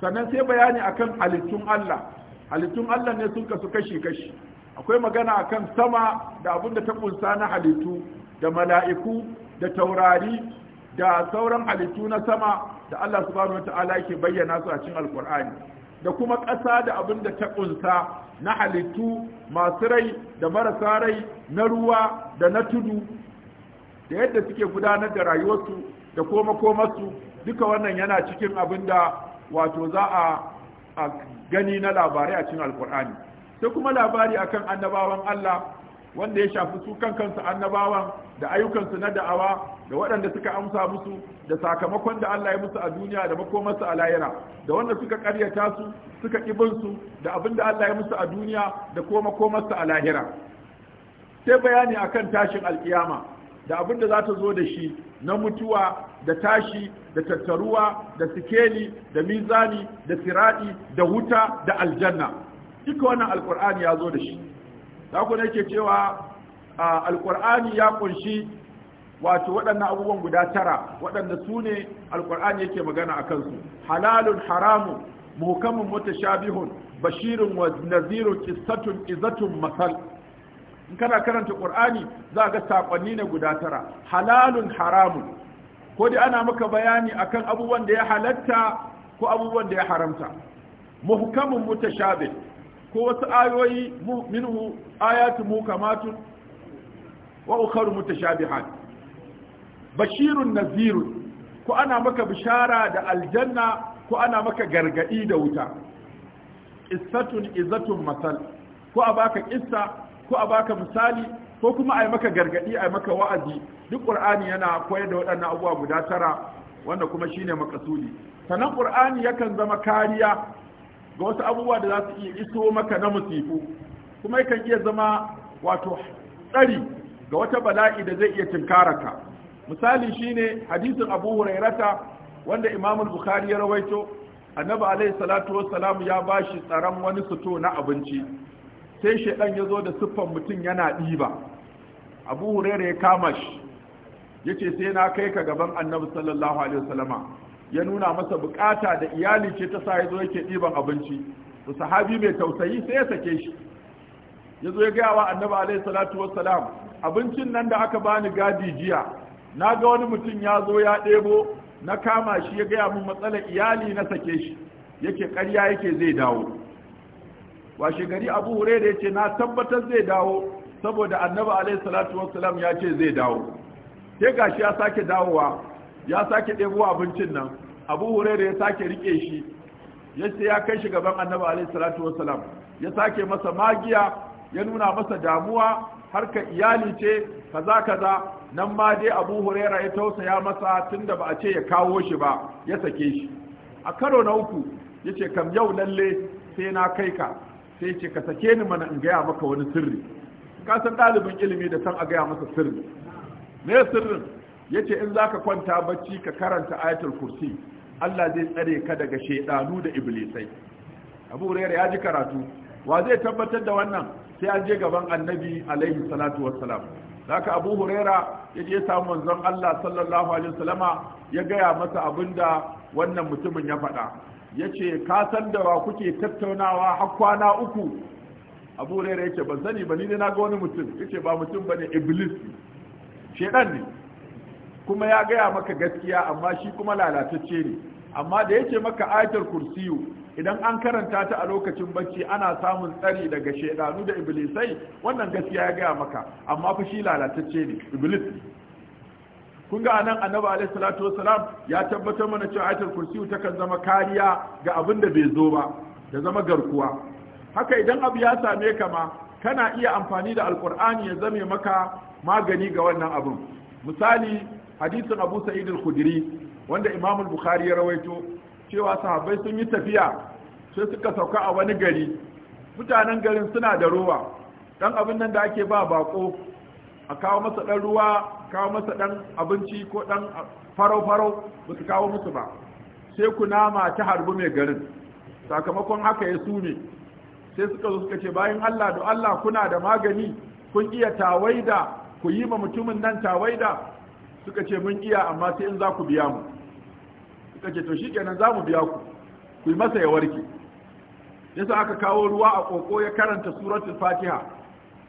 sannan sai bayani akan halittun Allah halittun Allah ne sun kasu kashi kashi akwai magana akan sama da abin da ta kunsa na halittu da mala'iku da taurari da sauran halittu na sama da Allah subhanahu wata'ala yake bayyana su a cikin alkur'ani da kuma ƙasa da abin da ta ƙunsa na halittu masu rai da marasa rai na ruwa da na tudu da yadda suke gudanar da rayuwarsu da koma komarsu duka wannan yana cikin abin da wato za a gani na labarai a cikin alkur'ani sai kuma labari akan annabawan Allah wanda ya shafi su kan kansu annabawan da ayyukansu na da'awa da waɗanda suka amsa musu da sakamakon da Allah ya musu a duniya da makomarsu a lahira da wanda suka karyata su suka ƙibinsu da abin da Allah ya musu a duniya da kuma makomarsu a lahira sai bayani akan tashin alkiyama da abin da za ta zo da shi na mutuwa da tashi da tattaruwa da sikeli da mizani da siradi da wuta da aljanna duka wannan alkur'ani ya zo da shi za ku yake cewa alkur'ani ya kunshi wato waɗannan abubuwan guda tara waɗanda su ne alkur'ani yake magana a kansu halalun haramu muhkamun mutashabihun bashirun wa nazirun qissatun izatun masal in kana karanta qur'ani za ga sakonni ne guda tara halalun haramun ko dai ana maka bayani akan abubuwan da ya halatta ko abubuwan da ya haramta muhkamun mutashabih ko wasu ayoyi minhu ayatu mukamatun wa ukharu mutashabihat bashirun nazirun ko ana maka bishara da aljanna ko ana maka gargadi da wuta qissatun izatun masal ko a baka qissa ko a baka misali ko kuma ai maka gargadi ai maka wa'azi duk qur'ani yana koyar da waɗannan abubuwa guda tara wanda kuma shine makasudi sanan qur'ani yakan zama kariya ga wasu abubuwa da za su iya iso maka na musifu kuma yakan iya zama wato tsari ga wata bala'i da zai iya ka. misali shine hadisin abu hurairata wanda imam bukhari ya rawaito annabi alayhi salatu wassalam ya bashi tsaron wani suto na abinci sai shedan ya zo da siffan mutum yana ɗiba abu hurairah ya kama shi yace sai na kai ka gaban annabi sallallahu alaihi wasallama ya nuna masa bukata da iyali ce ta sa ya zo yake ɗiban abinci to sahabi mai tausayi sai ya sake shi ya zo ya gaya wa annabi alaihi salatu wassalam abincin nan da aka bani gadi jiya na ga wani mutum ya zo ya ɗebo na kama shi ya gaya min matsalar iyali na sake shi yake ƙarya yake zai dawo washe gari abu hure da ce na tabbatar zai dawo saboda annabi alaihi salatu wassalam ya ce zai dawo sai gashi ya sake dawowa ya sake ɗebo abincin nan abu hurairu ya sake rike shi ya ce ya kai shi gaban annabi alaihi salatu wasalam ya sake masa magiya ya nuna masa damuwa Har ka iyali ce kaza kaza nan ma dai abu huraira ya tausaya masa tunda ba a ce ya kawo shi ba ya sake shi a karo na uku ya ce kam yau lalle sai na kai ka sai ce ka sake ni mana in gaya maka wani sirri ka san ɗalibin ilimi da san a gaya masa sirri me sirrin yace in zaka kwanta bacci ka karanta ayatul kursi Allah zai tsare ka daga shaidanu da iblisai Abu Hurairah ya ji karatu wa zai tabbatar da wannan sai an je gaban Annabi alaihi salatu wassalam haka Abu Hurairah ya je samu manzon Allah sallallahu alaihi wasallama ya gaya masa abinda wannan mutumin ya faɗa yace ka san da wa kuke tattaunawa har kwana uku Abu Hurairah yace ban sani ba ni ne na ga wani mutum yace ba mutum bane iblis Shaidan ne kuma ya gaya maka gaskiya amma shi kuma lalatacce ne amma da yake maka ayatul kursiyu idan an karanta ta a lokacin bacci ana samun tsari daga shaidanu da iblisai wannan gaskiya ya gaya maka amma fa shi lalatacce ne iblis ne kun ga anan annabi alaihi salatu wasalam ya tabbatar mana cewa ayatul kursiyu ta kan zama kariya ga abin da bai zo ba da zama garkuwa haka idan abu ya same ka ma kana iya amfani da alkur'ani ya zame maka magani ga wannan abin misali hadisin abu sa'id al-khudri wanda imam al-bukhari ya rawaito cewa sahabbai sun yi tafiya sai suka sauka a wani gari mutanen garin suna da ruwa dan abin nan da ake ba bako a kawo masa dan ruwa kawo masa dan abinci ko dan farau-farau ba kawo musu ba sai kunama ta harbi mai garin sakamakon haka ya sune sai suka zo suka ce bayan Allah Do Allah kuna da magani kun iya tawaida ku yi ma mutumin nan tawaida suka ce mun iya amma sai in za ku biya mu suka ce to shi kenan za mu biya ku ku yi masa ya warke yasa aka kawo ruwa a koko ya karanta suratul fatiha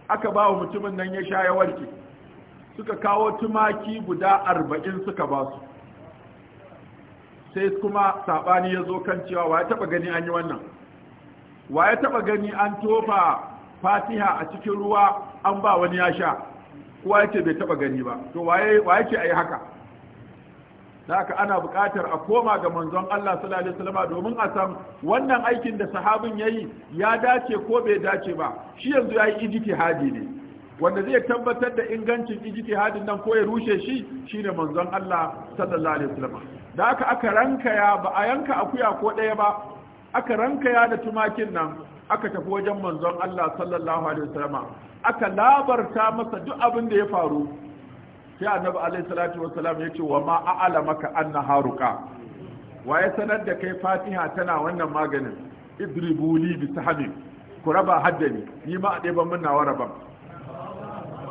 aka ba wa mutumin nan ya sha ya warke suka kawo tumaki guda arba'in suka ba su sai kuma saɓani ya zo kan cewa wa ya taɓa gani an yi wannan wa ya taɓa gani an tofa fatiha a cikin ruwa an ba wani ya sha kowa yake bai taba gani ba to waye waye ce ayi haka da haka ana buƙatar a koma ga manzon Allah sallallahu alaihi wasallam domin a san wannan aikin da sahabin yayi ya dace ko bai dace ba shi yanzu yayi ijtihadi ne wanda zai tabbatar da ingancin ijtihadin nan ko ya rushe shi shine manzon Allah sallallahu alaihi wasallam da haka aka rankaya ba a yanka akuya ko ɗaya ba aka rankaya da tumakin nan aka tafi wajen manzon Allah sallallahu alaihi wasallam aka labarta masa duk abin da ya faru sai annabi alaihi salatu wasallam yace wa ma a'lamaka anna haruka wa ya sanar da kai fatiha tana wannan maganin idribuli bi sahabi ku raba haddani ni ma a ɗeban min nawa raban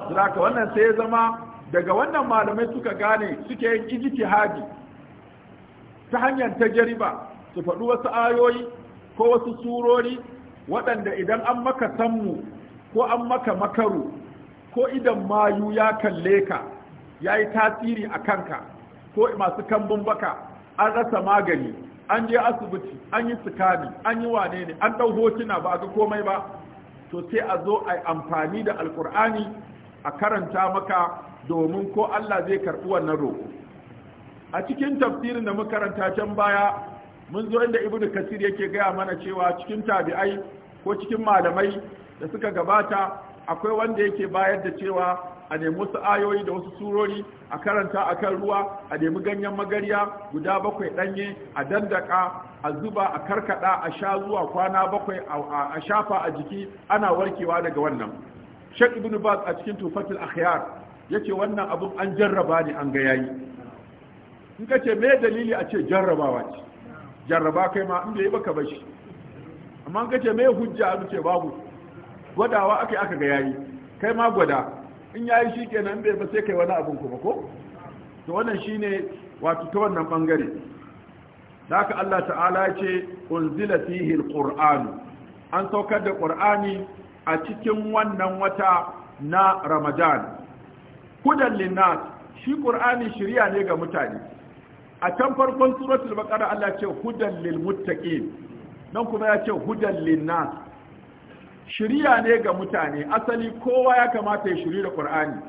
Saka wannan sai ya zama daga wannan malamai suka gane suke yin ijtihadi ta hanyar tajriba su faɗi wasu ayoyi ko wasu surori waɗanda idan an maka sanmu ko an maka makaru ko idan mayu ya kalle ka ya yi tasiri a kanka ko masu kambun baka an rasa magani an je asibiti an yi sikani an yi wane ne an ɗau hotuna ba a ga komai ba to sai a zo a yi amfani da alkur'ani a karanta maka domin ko Allah zai karɓi wannan roƙo a cikin tafsirin da muka karanta can baya mun zo inda ibnu kasir yake gaya mana cewa cikin tabi'ai ko cikin malamai da suka gabata akwai wanda yake bayar da cewa a nemi wasu ayoyi da wasu surori a karanta a kan ruwa a nemi ganyen magarya guda bakwai ɗanye a dandaka a zuba a karkada a sha zuwa kwana bakwai a shafa a jiki ana warkewa daga wannan shek ibn baz a cikin tufatul akhyar yace wannan abun an jarraba ne an ga yayi in ka ce me dalili a ce jarrabawa ce jarraba kai ma in bai baka bashi amma ka ce mai hujja a ce babu gwadawa aka aka ga yayi kai ma gwada in yayi shi kenan bai ba sai kai wani abin kuma ko to wannan shine wato ta wannan bangare haka Allah ta'ala ce unzila fihi alquran an saukar da qur'ani a cikin wannan wata na ramadan Kudan linnas shi qur'ani shiriya ne ga mutane a can farkon suratul baqara Allah ce hudan lil muttaqin nan kuma ya ce hudan lin nas shiriya ne ga mutane asali kowa ya kamata ya shiri da qur'ani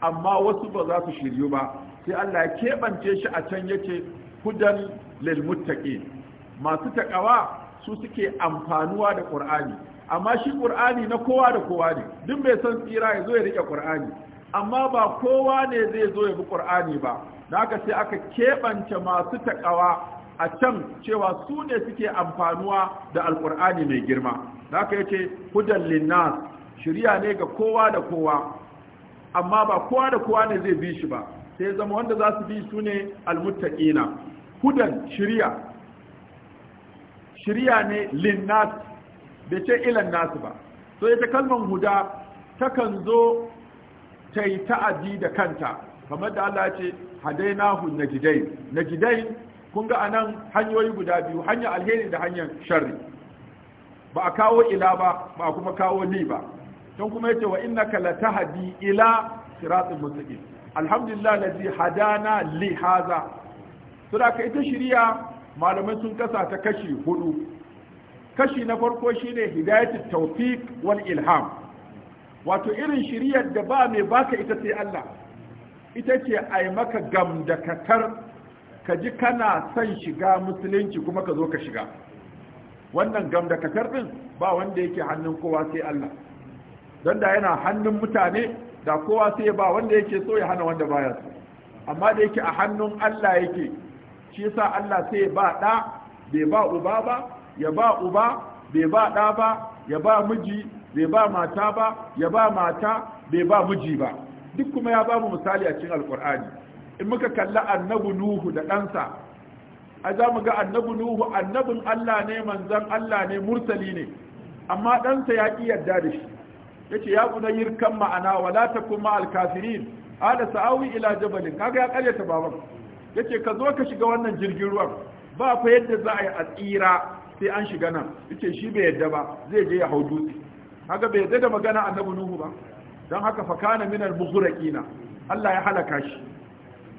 amma wasu ba za su shiryu ba sai Allah ya kebance shi a can yace hudan lil muttaqin masu takawa su suke amfanuwa da qur'ani amma shi qur'ani na kowa da kowa ne duk mai son tsira ya zo ya rike qur'ani amma ba kowa ne zai zo ya bi qur'ani ba da haka sai aka keɓance masu taƙawa a can cewa su ne suke amfanuwa da alƙur'ani mai girma da haka yace hudan linnas shirya ne ga kowa da kowa amma ba kowa da kowa ne zai bi shi ba sai zama wanda za su bi su ne almuttaqina hudan shirya shirya ne linnas da ce ilan nasu ba so ita kalman huda takan zo ta yi ta'adi da kanta kamar da Allah ce hadainahu najidai najidai kun ga anan hanyoyi guda biyu hanyar alheri da hanyar sharri ba a kawo ila ba ba kuma kawo ni ba don kuma yace wa innaka latahdi ila siratul mustaqim alhamdulillah ladzi hadana li hadha kai ita shiriya malamai sun kasa ta kashi hudu kashi na farko shine hidayatu tawfiq wal ilham wato irin shiriyar da ba mai baka ita sai Allah ita ce a yi maka gamdakatar ka ji kana son shiga musulunci kuma ka zo ka shiga wannan gamdakatar din ba wanda yake hannun kowa sai Allah don da yana hannun mutane da kowa sai ba wanda yake so ya hana wanda baya so amma da yake a hannun Allah yake shi yasa Allah sai ba ɗa bai ba uba ba ya ba uba bai ba da ba ya ba miji bai ba mata ba ya ba mata bai ba miji ba duk kuma ya ba mu misali a cikin alkur'ani in muka kalli annabi nuhu da ɗansa a za mu ga annabi nuhu annabin allah ne manzan allah ne mursali ne amma ɗansa ya ƙi yarda da shi ya ce ya kuna yirkan ma'ana wala ta kuma alkafirin ala sa'awi ila jabalin kaga ya ta baban ya ce ka zo ka shiga wannan jirgin ruwan ba fa yadda za a yi a tsira sai an shiga nan ya ce shi bai yarda ba zai je ya hau dutse kaga bai yarda da magana annabi nuhu ba don haka fakana minal mughraqina Allah ya halaka shi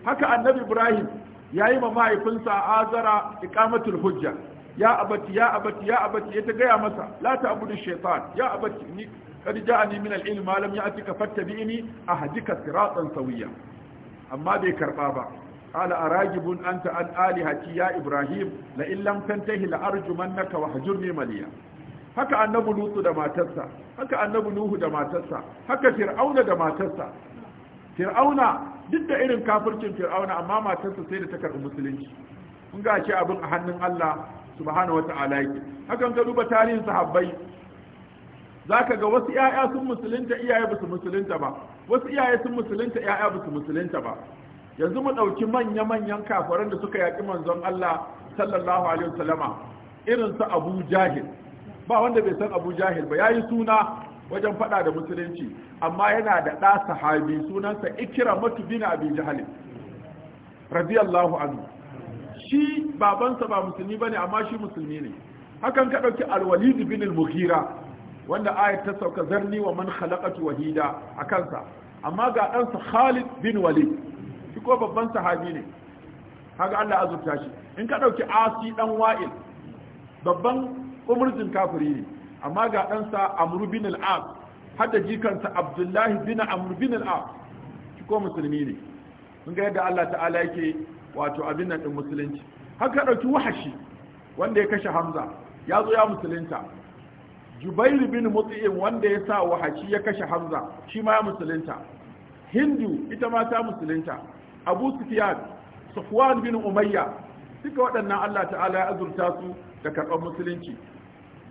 haka annabi Ibrahim yi ma mahaifinsa azara ikamatul hujja ya abati ya abati ya abati ya ta gaya masa la ta'budu shaytan ya abati ni qad ja'ani min al-ilm ma lam ya'tika fattabi'ni ahdika siratan sawiya amma bai karba ba qala aragibun anta an alihati ya ibrahim la in lam tantahi la arjumannaka wahjurni maliya haka annabi lutu da matarsa haka annabi nuhu da matarsa haka fir'auna da matarsa fir'auna duk da irin kafircin fir'auna amma matarsa sai da ta karbi musulunci kun ga ce abin a hannun Allah subhanahu wata'ala yake hakan ga duba tarihin sahabbai zaka ga wasu 'ya'ya sun musulunta iyaye ba su musulunta ba wasu iyaye sun musulunta iyaye ba su musulunta ba yanzu mu ɗauki manya-manyan kafaran da suka yaƙi manzon Allah sallallahu alaihi wasallama irin su Abu Jahil ba wanda bai san abu jahil ba ya yi suna wajen fada da musulunci amma yana da ɗa sahabi sunansa ikira bin abi jahal radiyallahu anhu shi babansa ba musulmi bane amma shi musulmi ne hakan ka ɗauki alwalid bin al-mughira wanda ayat ta sauka zarni wa man khalaqatu wahida a kansa amma ga ɗansa khalid bin walid shi ko babban sahabi ne haka Allah azurta shi in ka ɗauki asi dan wa'il babban umurjin kafiri ne amma ga ɗansa amru bin al'as hada jikansa abdullahi bin amru bin shi ko musulmi ne sun ga yadda Allah ta'ala yake wato abin nan din musulunci haka ɗauki wahashi wanda ya kashe hamza ya zo ya musulunta jubair bin mut'im wanda ya sa wahashi ya kashe hamza shi ma ya musulunta hindu ita ma ta musulunta abu sufyan sufwan bin umayya duka waɗannan Allah ta'ala ya azurta su da karɓar musulunci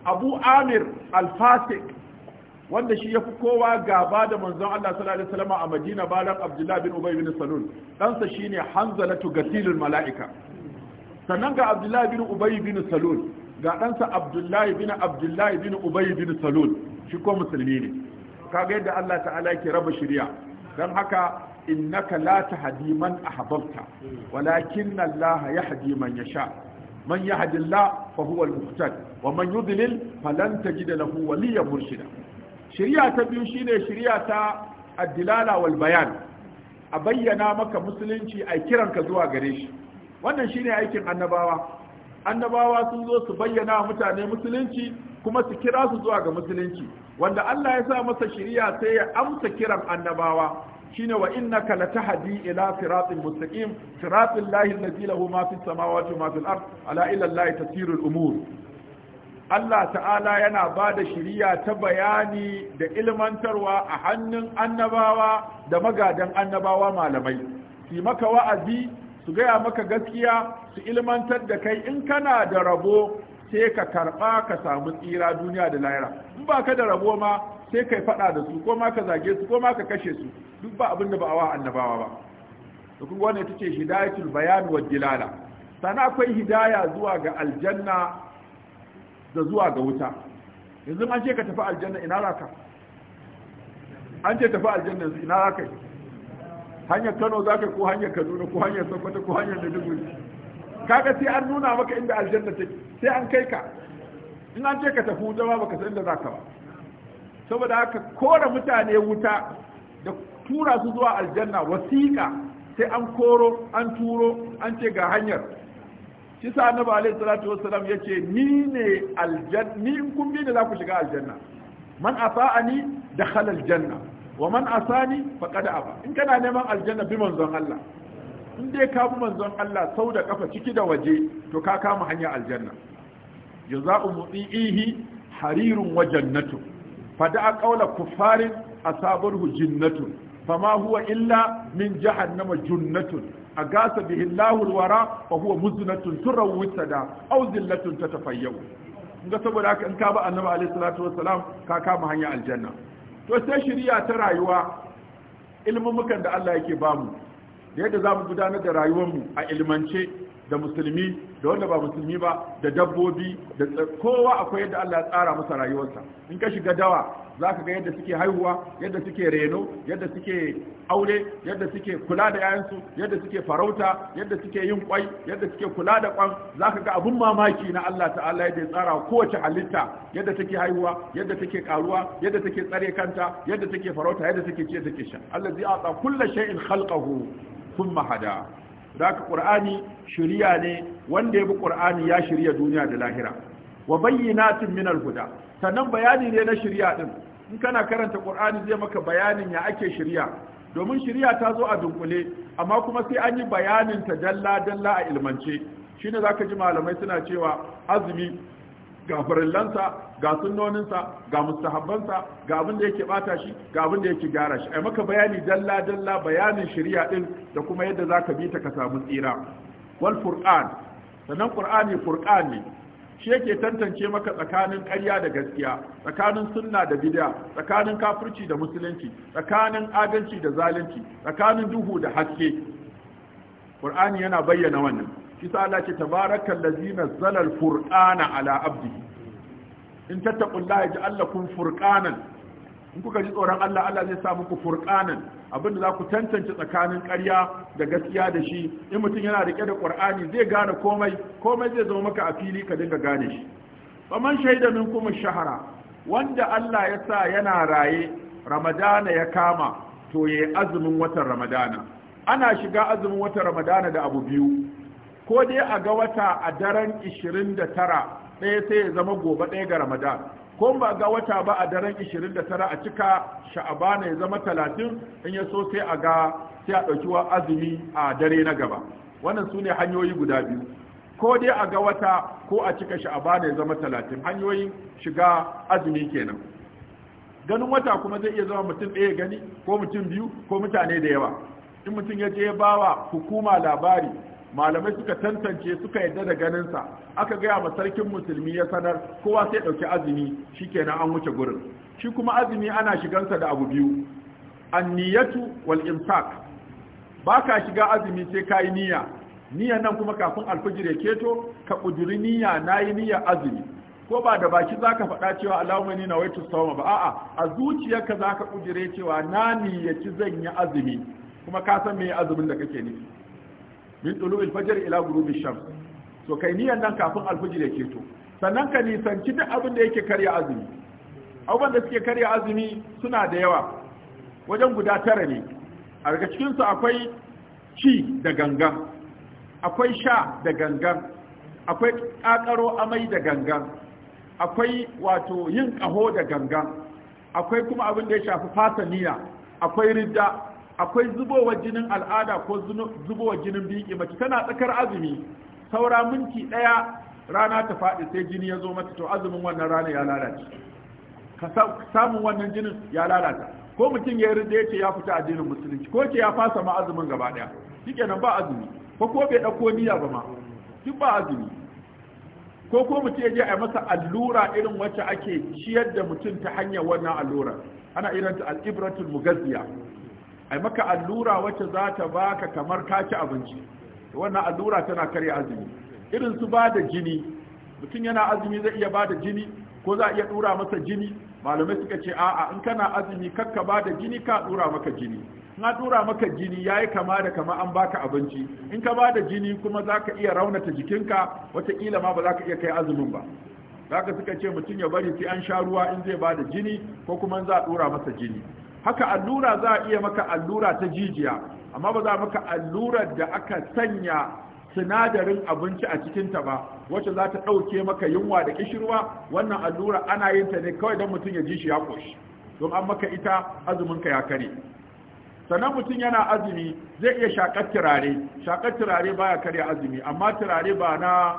abu amir al-fasik wanda shi ya fi kowa gaba da manzon Allah sallallahu alaihi wasallam a Madina bayan Abdullah bin Ubay bin Salul ɗansa shine Hanzalatu Gasilul Mala'ika sannan ga Abdullah bin Ubay bin Salul ga ɗansa Abdullah bin Abdullah bin Ubay bin Salul shi ko musulmi ne kaga yadda Allah ta'ala yake raba shari'a dan haka innaka la tahdi man ahbabta walakin Allah yahdi man yasha man yahdillah fa huwa al-muhtad da man yudlil falan tajid lahu waliyan murshida ta biyu shine shari'a ta addilala wal bayan a bayyana maka musulunci a kiranka zuwa gare shi wannan shine aikin annabawa annabawa sun zo su bayyana wa mutane musulunci kuma su kira su zuwa ga musulunci wanda Allah ya sa masa shari'a sai ya amsa kiran annabawa shine wa innaka latahdi ila siratin mustaqim siratil lahi allazi lahu ma fis samawati wa ma fil ard ala ila allahi tasirul umur Allah ta'ala yana ba da shiriya ta bayani da ilmantarwa a hannun annabawa da magadan annabawa malamai su maka wa'azi su gaya maka gaskiya su ilmantar da kai in kana da rabo sai ka karɓa ka samu tsira duniya da lahira in baka ka da rabo ma sai kai fada da su ko ma ka zage su ko ma ka kashe su duk ba abin da ba wa annabawa ba to kun wannan tace hidayatul bayan wa dilala sana akwai hidaya zuwa ga aljanna da zuwa ga wuta yanzu an ce ka tafi aljanna ina za ka an ce tafi aljanna yanzu ina za ka hanyar Kano za ka ko hanyar Kaduna ko hanyar Sokoto ko hanyar Maiduguri kaga sai an nuna maka inda aljanna take sai an kai ka in an ce ka tafi wuta ba baka san inda za ka ba saboda haka kora mutane wuta da tura su zuwa aljanna wasiƙa sai an koro an turo an ce ga hanyar shi sa ba alaihi salatu wassalam yace ni ne aljanna ni kun bi ne za ku shiga aljanna man da dakhala janna? wa man asani faqad aba in kana neman aljanna bi manzon Allah in dai ka bi manzon Allah sau da kafa ciki da waje to ka kama hanyar aljanna jaza'u muti'ihi harirun wa jannatu fada'a qawla kuffarin asabarhu jinnatun fama huwa illa min jahannama junnatun agasa bihi Allahul wara fa huwa muznatun turawwi sada aw zillatun tatafayyu ga saboda haka in ka ba annabi alaihi salatu wassalam ka kama hanya aljanna to sai shari'a ta rayuwa ilmumukan da Allah yake bamu da yadda zamu gudanar da rayuwarmu a ilmance da musulmi da wanda ba musulmi ba da dabbobi da kowa akwai yadda Allah ya tsara masa rayuwarsa in ka shiga dawa za ka ga yadda suke haihuwa yadda suke reno yadda suke aure yadda suke kula da yayansu yadda suke farauta yadda suke yin kwai yadda suke kula da kwan za ka ga abun mamaki na Allah ta'ala yadda ya tsara kowace halitta yadda take haihuwa yadda take karuwa yadda take tsare kanta yadda take farauta yadda take ce take sha allazi a'ta kullu shay'in khalqahu thumma hada zaka ƙur'ani, shiriya ne wanda ya bi ƙur'ani ya shirya duniya da lahira wa bayyinatin min al'huda. huda sannan bayani ne na shiriya din in kana karanta ƙur'ani zai maka bayanin ya ake shiriya domin shiriya ta zo a dunkule amma kuma sai an yi bayanin ta dalla dalla a ilmance shine zaka ji malamai suna cewa azumi ga farillansa ga sunnoninsa ga mustahabbansa ga abin da yake bata shi ga abin da yake gyara shi ai maka bayani dalla dalla bayanin shari'a din da kuma yadda zaka bi ta ka samu tsira wal qur'an sannan qur'ani qur'ani ne shi yake tantance maka tsakanin ƙarya da gaskiya tsakanin sunna da bid'a tsakanin kafirci da musulunci tsakanin adalci da zalunci tsakanin duhu da haske qur'ani yana bayyana wannan isa Allah ce tabarakal lazina nazzala furƙana ala abdihi in tattaqullaha yaj'al lakum furqanan in kuka ji tsoron Allah Allah zai sa muku abin abinda za ku tantance tsakanin ƙarya da gaskiya da shi in mutum yana rike da Ƙur'ani, zai gane komai komai zai zama maka a fili ka dinga gane shi faman shaida minkum shahara wanda Allah ya sa yana raye Ramadana ya kama to yayi azumin watan Ramadana ana shiga azumin watan Ramadana da abu biyu ko dai a ga wata a daren 29 ɗaya sai ya zama gobe ɗaya ga ramadan ko ba ga wata ba a daren 29 a cika sha'abana ya zama 30 in ya so sai a ga sai a ɗauki wa azumi a dare na gaba wannan su ne hanyoyi guda biyu ko dai a ga wata ko a cika sha'abana ya zama 30 hanyoyin shiga azumi kenan ganin wata kuma zai iya zama mutum ɗaya gani ko mutum biyu ko mutane da yawa in mutum ya je bawa hukuma labari malamai suka tantance suka yadda da ganinsa aka gaya ma sarkin musulmi ya sanar kowa sai ɗauki azumi shikenan an wuce gurin shi kuma azumi ana shigansa da abu biyu anniyatu wal imsak ba ka shiga azumi sai ka yi niyya niyyan nan kuma kafin alfijir ya keto ka ƙuduri niyya na yi niyyar azumi ko ba da baki za ka faɗa cewa alawar ni na waitu sauma ba a'a a zuciyarka za ka ƙudure cewa na niyyaci zan yi azumi kuma ka san me azumin da kake nufi min dulul fajr ila ghurubi shams to kai niyan nan kafin alfijir ya keto sannan ka nisanci duk abin da yake karya azumi abubuwan da suke karya azumi suna da yawa wajen guda tara ne a daga su akwai ci da gangan akwai sha da gangan akwai ƙaƙaro amai da gangan akwai wato yin ƙaho da gangan akwai kuma abin da ya shafi fasaniya akwai ridda akwai zubowar jinin al'ada ko zubowar jinin biki mace tana tsakar azumi saura minti ɗaya rana ta faɗi sai jini ya zo mata to azumin wannan rana ya lalace ka samun wannan jinin ya lalata ko mutum ya rinda ya ce ya fita addinin musulunci ko ce ya fasa ma azumin gaba ɗaya shikenan ba azumi ko ko bai ɗauko niyya ba ma duk ba azumi ko ko mutum ya je a masa allura irin wacce ake ciyar da mutum ta hanyar wannan allura ana irin ta al'ibratul mugazziya ai maka allura wacce za ta baka kamar ka ci abinci wannan allura tana karya azumi irin su ba da jini mutum yana azumi zai iya ba da jini ko za a iya dura masa jini malamai suka ce a'a in kana azumi kakka ba da jini ka dura maka jini In a dura maka jini ya yi kama da kama an baka abinci in ka ba da jini kuma za ka iya raunata jikinka wataƙila ma ba za ka iya kai azumin ba za ka suka ce mutum ya bari sai an sha ruwa in zai ba da jini ko kuma za a dura masa jini haka allura za a iya maka allura ta jijiya amma ba za maka allurar da aka sanya sinadarin abinci a cikinta ba wacce za ta ɗauke maka yunwa da kishirwa wannan allura ana yin ta ne kawai don mutum ya ji shi ya koshi don an maka ita ka ya kare sannan mutum yana azumi zai iya shakar turare shakar turare baya karya azumi amma turare ba na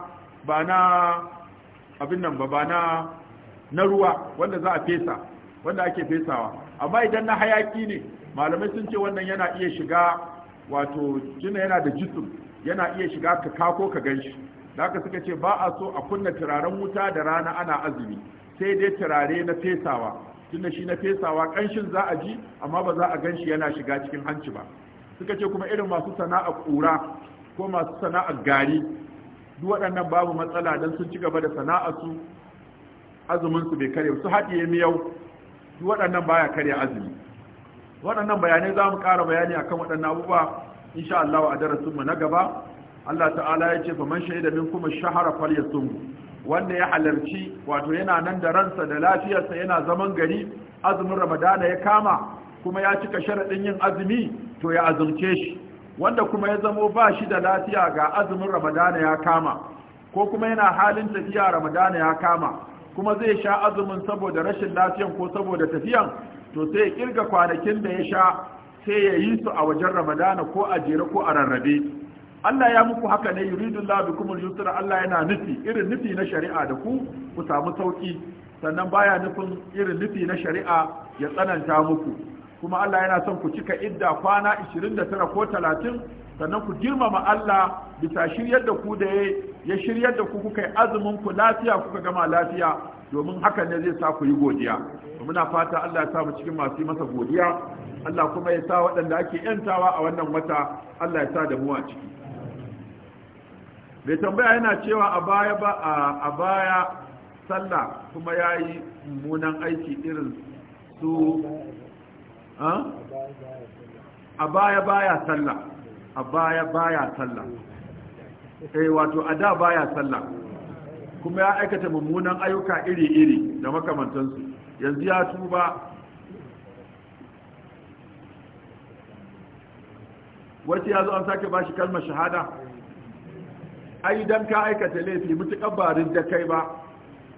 ba na abin nan ba ba na na ruwa wanda za a fesa wanda ake fesawa amma idan na hayaki ne malamai sun ce wannan yana iya shiga wato tunda yana da jisum yana iya shiga ka kako ka ganshi haka suka ce ba a so a kunna turaren wuta da rana ana azumi sai dai turare na fesawa tunda shi na fesawa kanshin za a ji amma ba za a ganshi yana shiga cikin hanci ba suka ce kuma irin masu sana'a kura ko masu sana'ar gari duk waɗannan babu matsala don sun ci gaba da sana'a su azuminsu bai kare su haɗiye miyau duk waɗannan baya karya azumi waɗannan bayanai za mu ƙara bayani kan waɗannan abubuwa insha Allah a darasin mu na gaba Allah ta'ala ya ce fa man shahida kuma shahara fal yasum wanda ya halarci wato yana nan da ransa da lafiyarsa yana zaman gari azumin Ramadana ya kama kuma ya cika sharadin yin azumi to ya azumce shi wanda kuma ya zamo ba shi da lafiya ga azumin Ramadana ya kama ko kuma yana halin tafiya Ramadana ya kama kuma zai sha azumin saboda rashin lafiyan ko saboda tafiyan to sai ya kirga kwanakin da ya sha sai ya yi su a wajen ramadana ko a jere ko a rarrabe Allah ya muku haka ne yuridullahu bikumul yusra Allah yana nufi irin nufi na shari'a da ku ku samu sauki sannan baya nufin irin nufi na shari'a ya tsananta muku kuma Allah yana son ku cika idda kwana 29 ko 30 sannan ku girmama Allah bisa shiryar da ku da ya. ya shiryar da ku kuka yi azumin ku lafiya kuka gama lafiya domin haka ne zai sa ku yi godiya muna fata Allah ya sa mu cikin masu yi masa godiya Allah kuma ya sa waɗanda ake yantawa a wannan wata Allah ya sa da mu a ciki Mai tambaya yana cewa a baya ba a baya sallah kuma ya yi mummunan aiki irin su a baya baya sallah a baya baya sallah eh wato a da baya sallah kuma ya aikata mummunan ayyuka iri-iri da makamantansu yanzu ya tuba wace ya zo an sake bashi kalmar shahada ai dan ka aikata laifi mutuƙar barin da kai ba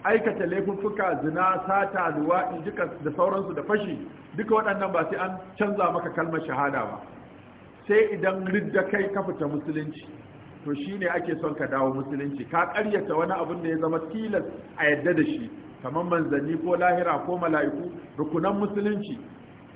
aikata laifuka zina sata luwaɗi duka da sauransu da fashi duka waɗannan ba sai an canza maka kalmar shahada ba sai idan ridda kai ka fita musulunci to shi ne ake son ka dawo musulunci ka karyata wani abun da ya zama tilas a yadda da shi kamar manzanni ko lahira ko mala'iku rukunan musulunci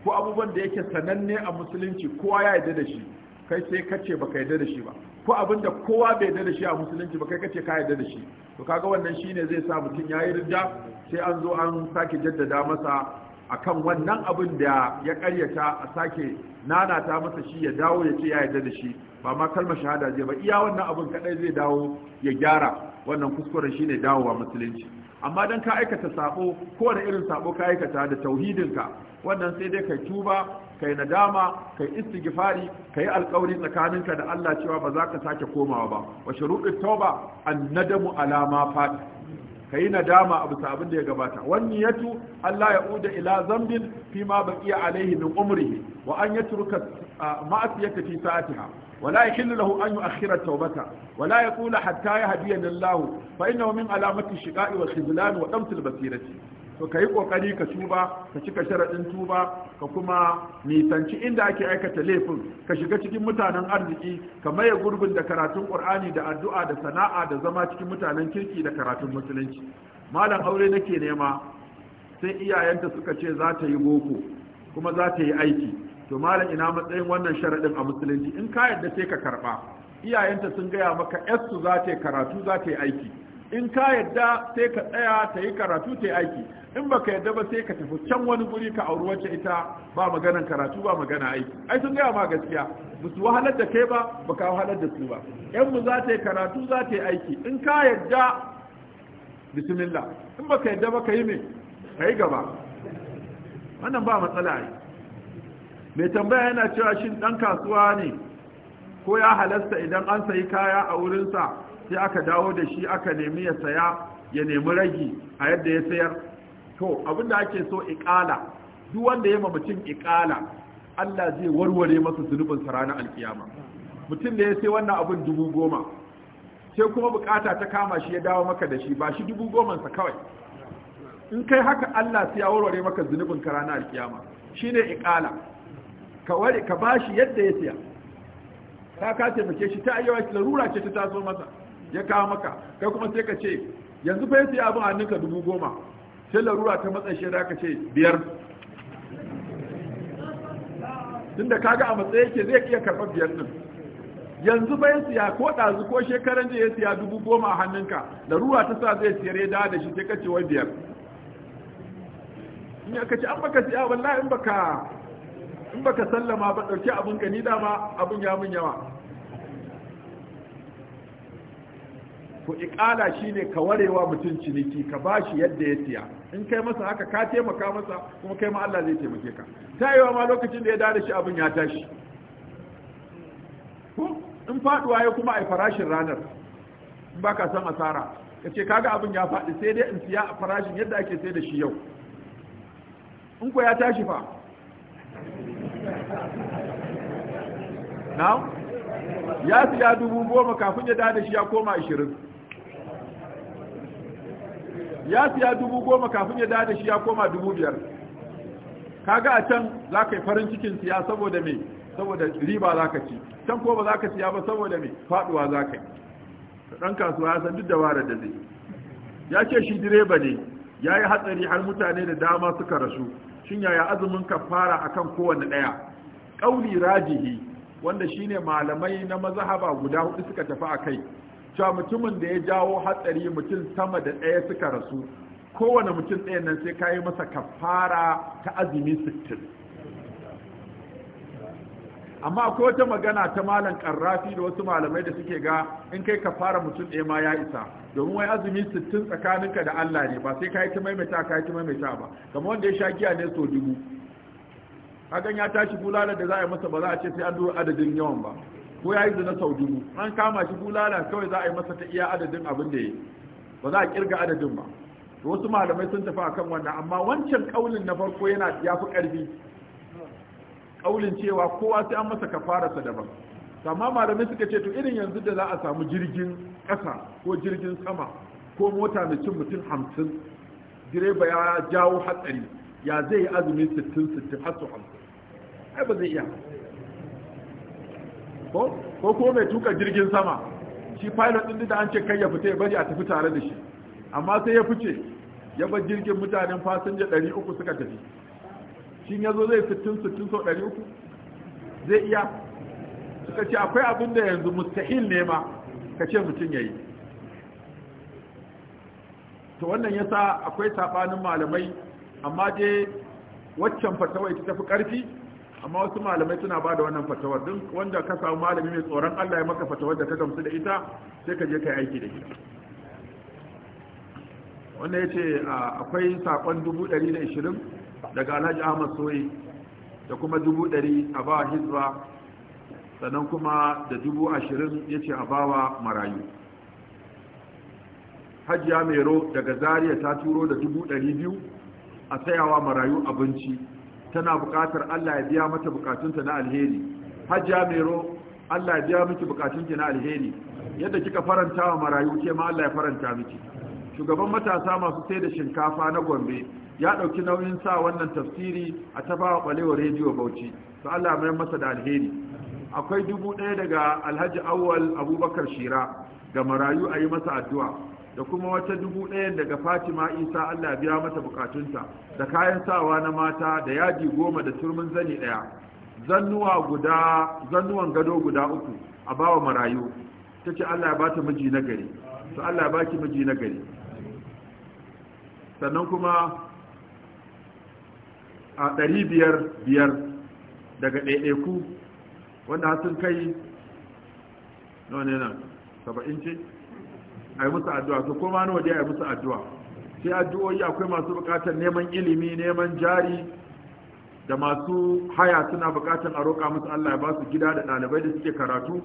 ko abubuwan da yake sananne a musulunci kowa ya yadda da shi kai sai ka ce baka yadda da shi ba ko abin da kowa bai yadda da shi a musulunci ba kai ka ce ka yadda da shi to kaga wannan shine zai sa mutum ya yi rida sai an zo an sake jaddada masa akan wannan abin da ya karyata a sake nanata masa shi ya dawo ya ce ya yadda da shi ba ma kalmar shahada zai ba iya wannan abin kadai zai dawo ya gyara wannan kuskuren shine dawowa musulunci amma dan ka aikata sabo kowane irin sabo ka aikata da tauhidinka wannan sai dai kai tuba kai nadama kai istighfari kai alƙawari tsakaninka da Allah cewa ba za ka sake komawa ba wa shuruɗin tauba annadamu ala ma fat kai nadama abu abin da ya gabata wani yatu Allah ya uda ila zambin fi ma baqiya alaihi min umrihi wa an yatruka ma'asiyata fi sa'atiha ولا يحل له أن يؤخر التوبة ولا يقول حتى يهدينا الله فإنه من علامة الشقاء والخذلان وطمس البصيرة ka yi kokari ka tuba ka cika sharaɗin tuba ka kuma nisanci inda ake aikata laifin ka shiga cikin mutanen arziki ka maye gurbin da karatun qur'ani da addu'a da sana'a da zama cikin mutanen kirki da karatun musulunci malam aure nake nema sai iyayenta suka ce za ta yi boko kuma za ta yi aiki to malam ina matsayin wannan sharadin a musulunci in ka yadda sai ka karɓa iyayenta sun gaya maka yarsu za ta yi karatu za ta yi aiki in ka yadda sai ka tsaya ta yi karatu ta aiki in ba ka yadda ba sai ka tafi can wani guri ka auri wacce ita ba maganan karatu ba magana aiki ai sun gaya ma gaskiya ba su wahalar da kai ba ba ka wahalar da su ba yan mu za ta yi karatu za ta yi aiki in ka yadda bismillah in ba ka yadda ba ka yi me ka yi gaba wannan ba matsala ai mai tambaya yana cewa shin ɗan kasuwa ne ko ya halasta idan an sayi kaya a wurinsa sai aka dawo da shi aka nemi ya saya ya nemi ragi a yadda ya sayar to abinda ake so iƙala duk wanda ya ma mutum iƙala Allah zai warware masa zunubinsa ranar alkiyama mutum da ya sai wannan abin dubu goma sai kuma bukata ta kama shi ya dawo maka da shi ba shi dubu gomansa kawai in kai haka Allah sai ya warware maka zunubin ka ranar alkiyama shine iƙala ka ware ka bashi yadda ya siya ka ka taimake shi ta ayyawa larura ce ta taso masa ya kawo maka kai kuma sai ka ce yanzu fa ya siya abin hannunka dubu goma sai larura ta matsayin shi da ka ce biyar Tun da kaga a matsayi ke zai iya karɓar biyar din yanzu fa ya siya ko ɗazu ko shekaran da ya siya dubu goma a hannunka larura ta sa zai siyar ya dawo da shi sai ka ce wai biyar in ya kace an baka siya wallahi in baka in baka sallama ba ɗauki abin ka ni dama abin ya mun yawa ko iƙala shine ka warewa mutum ciniki ka bashi yadda ya siya in kai masa haka ka taimaka masa kuma kai ma Allah zai taimake ka tayewa ma lokacin da ya dada shi abin ya tashi ko in faduwa ya kuma ai farashin ranar in baka san asara kace kaga abin ya faɗi sai dai in siya farashin yadda ake sai da shi yau in ko ya tashi fa na ya siya dubu goma kafin ya dada shi ya koma ashirin ya siya dubu goma kafin ya dada shi ya koma dubu biyar kaga a can za ka yi farin cikin siya saboda mai saboda riba za ka ci can ko ba za ka siya ba saboda mai faduwa za ka yi ɗan kasuwa ya san duk da dabarar da zai ya ce shi direba ne ya yi hatsari har mutane da dama suka rasu shin yaya azumin kafara akan kowane ɗaya? kauli rajihi wanda shine malamai na mazhaba guda hudu suka tafi a akai cewa mutumin da ya jawo hatsari mutum sama da ɗaya suka rasu kowane mutum ɗayan nan sai ka yi masa kafara ta azumi sittin. amma akwai wata magana ta malam karrafi da wasu malamai da suke ga in kai ka fara mutum ɗaya ma ya isa domin wai azumi sittin tsakaninka da Allah ne ba sai ka yi ta maimaita ka yi ta maimaita ba kamar wanda ya sha giya ne so dubu hakan ya tashi bulala da za a yi masa ba za a ce sai an duro adadin yawan ba ko ya yi zina sau dubu an kama shi bulala kawai za a yi masa ta iya adadin abin da ya yi ba za a kirga adadin ba wasu malamai sun tafi akan wannan amma wancan kaulin na farko yana ya fi ƙarfi kaulin cewa kowa sai an masa kafararsa daban amma malamai suka ce to irin yanzu da za a samu jirgin ƙasa ko jirgin sama ko mota mai cin mutum hamsin direba ya jawo hatsari ya zai yi azumin sittin sittin har su hamsin ai ba zai iya ko ko mai tuka jirgin sama shi pilot din da an ce kai ya fita ya bari a tafi tare da shi amma sai ya fice ya bar jirgin mutanen fasinja 300 suka tafi shi ya zo zai sittin sittin sau ɗari uku zai iya suka ce akwai abin da yanzu mustahil ne ma ka ce mutum ya yi to wannan yasa akwai saɓanin malamai amma dai waccan fatawa ita tafi ƙarfi amma wasu malamai suna ba da wannan fatawar don wanda ka samu malami mai tsoron allah ya maka fatawar da ka gamsu da ita sai ka je ka yi aiki da ita wanda ya ce akwai saƙon dubu ɗari da ishirin daga alhaji ahmad soyi da kuma dubu ɗari a ba hizba sannan kuma da dubu ashirin ya ce a bawa marayu hajiya mero daga zariya ta turo da dubu ɗari biyu a sayawa marayu abinci tana buƙatar allah ya biya mata buƙatunta na alheri hajiya mero allah ya biya miki buƙatunki na alheri yadda kika faranta wa marayu ke ma allah ya faranta miki shugaban matasa masu sai da shinkafa na gombe ya ɗauki nauyin sa wannan tafsiri a tafawa ɓalewa rediyo bauchi su allah mai masa da alheri akwai dubu ɗaya daga alhaji awwal abubakar shira ga marayu a yi masa addu'a da kuma wata dubu ɗaya daga fatima isa allah biya mata bukatunta da kayan sawa na mata da yadi goma da turmin zani ɗaya zannuwa guda zannuwan gado guda uku a bawa marayu ta ce allah ya ba miji na gari su allah ya ba miji na gari sannan kuma a ɗari biyar biyar daga ɗaiɗaiku wanda sun kai nawa ne nan saba'in ce a yi musu addu'a su koma nawa dai a yi musu addu'a sai addu'o'i akwai masu bukatar neman ilimi neman jari da masu haya suna bukatar a roƙa musu Allah ya ba su gida da ɗalibai da suke karatu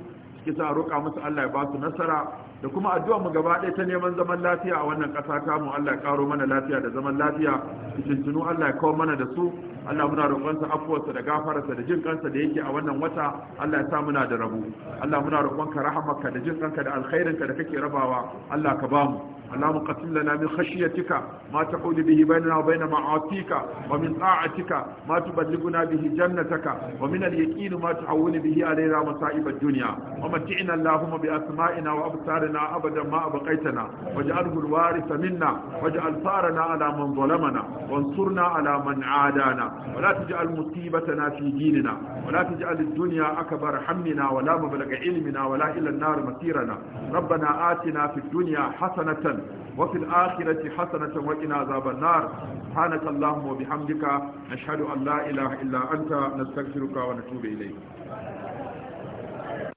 suke sa roƙa musu Allah ya ba su nasara da kuma addu'a mu gaba ɗaya ta neman zaman lafiya a wannan ƙasa ta mu Allah ya ƙaro mana lafiya da zaman lafiya cikin Allah ya kawo mana da su Allah muna roƙonsa afuwarsa da gafararsa da jin kansa da yake a wannan wata Allah ya sa muna da rabo Allah muna roƙonka rahamarka da jin kanka da alkhairinka da kake rabawa Allah ka bamu اللهم قسم لنا من خشيتك ما تحول به بيننا وبين معاصيك ومن طاعتك ما تبلغنا به جنتك ومن اليقين ما تحول به علينا مصائب الدنيا ومتعنا اللهم بأسمائنا وأبصارنا أبدا ما أبقيتنا واجعله الوارث منا واجعل ثارنا على من ظلمنا وانصرنا على من عادانا ولا تجعل مصيبتنا في ديننا ولا تجعل الدنيا أكبر همنا ولا مبلغ علمنا ولا إلى النار مصيرنا ربنا آتنا في الدنيا حسنة وفي الآخرة حسنة وقنا عذاب النار سبحانك اللهم وبحمدك نشهد أن لا إله إلا أنت نستغفرك ونتوب إليك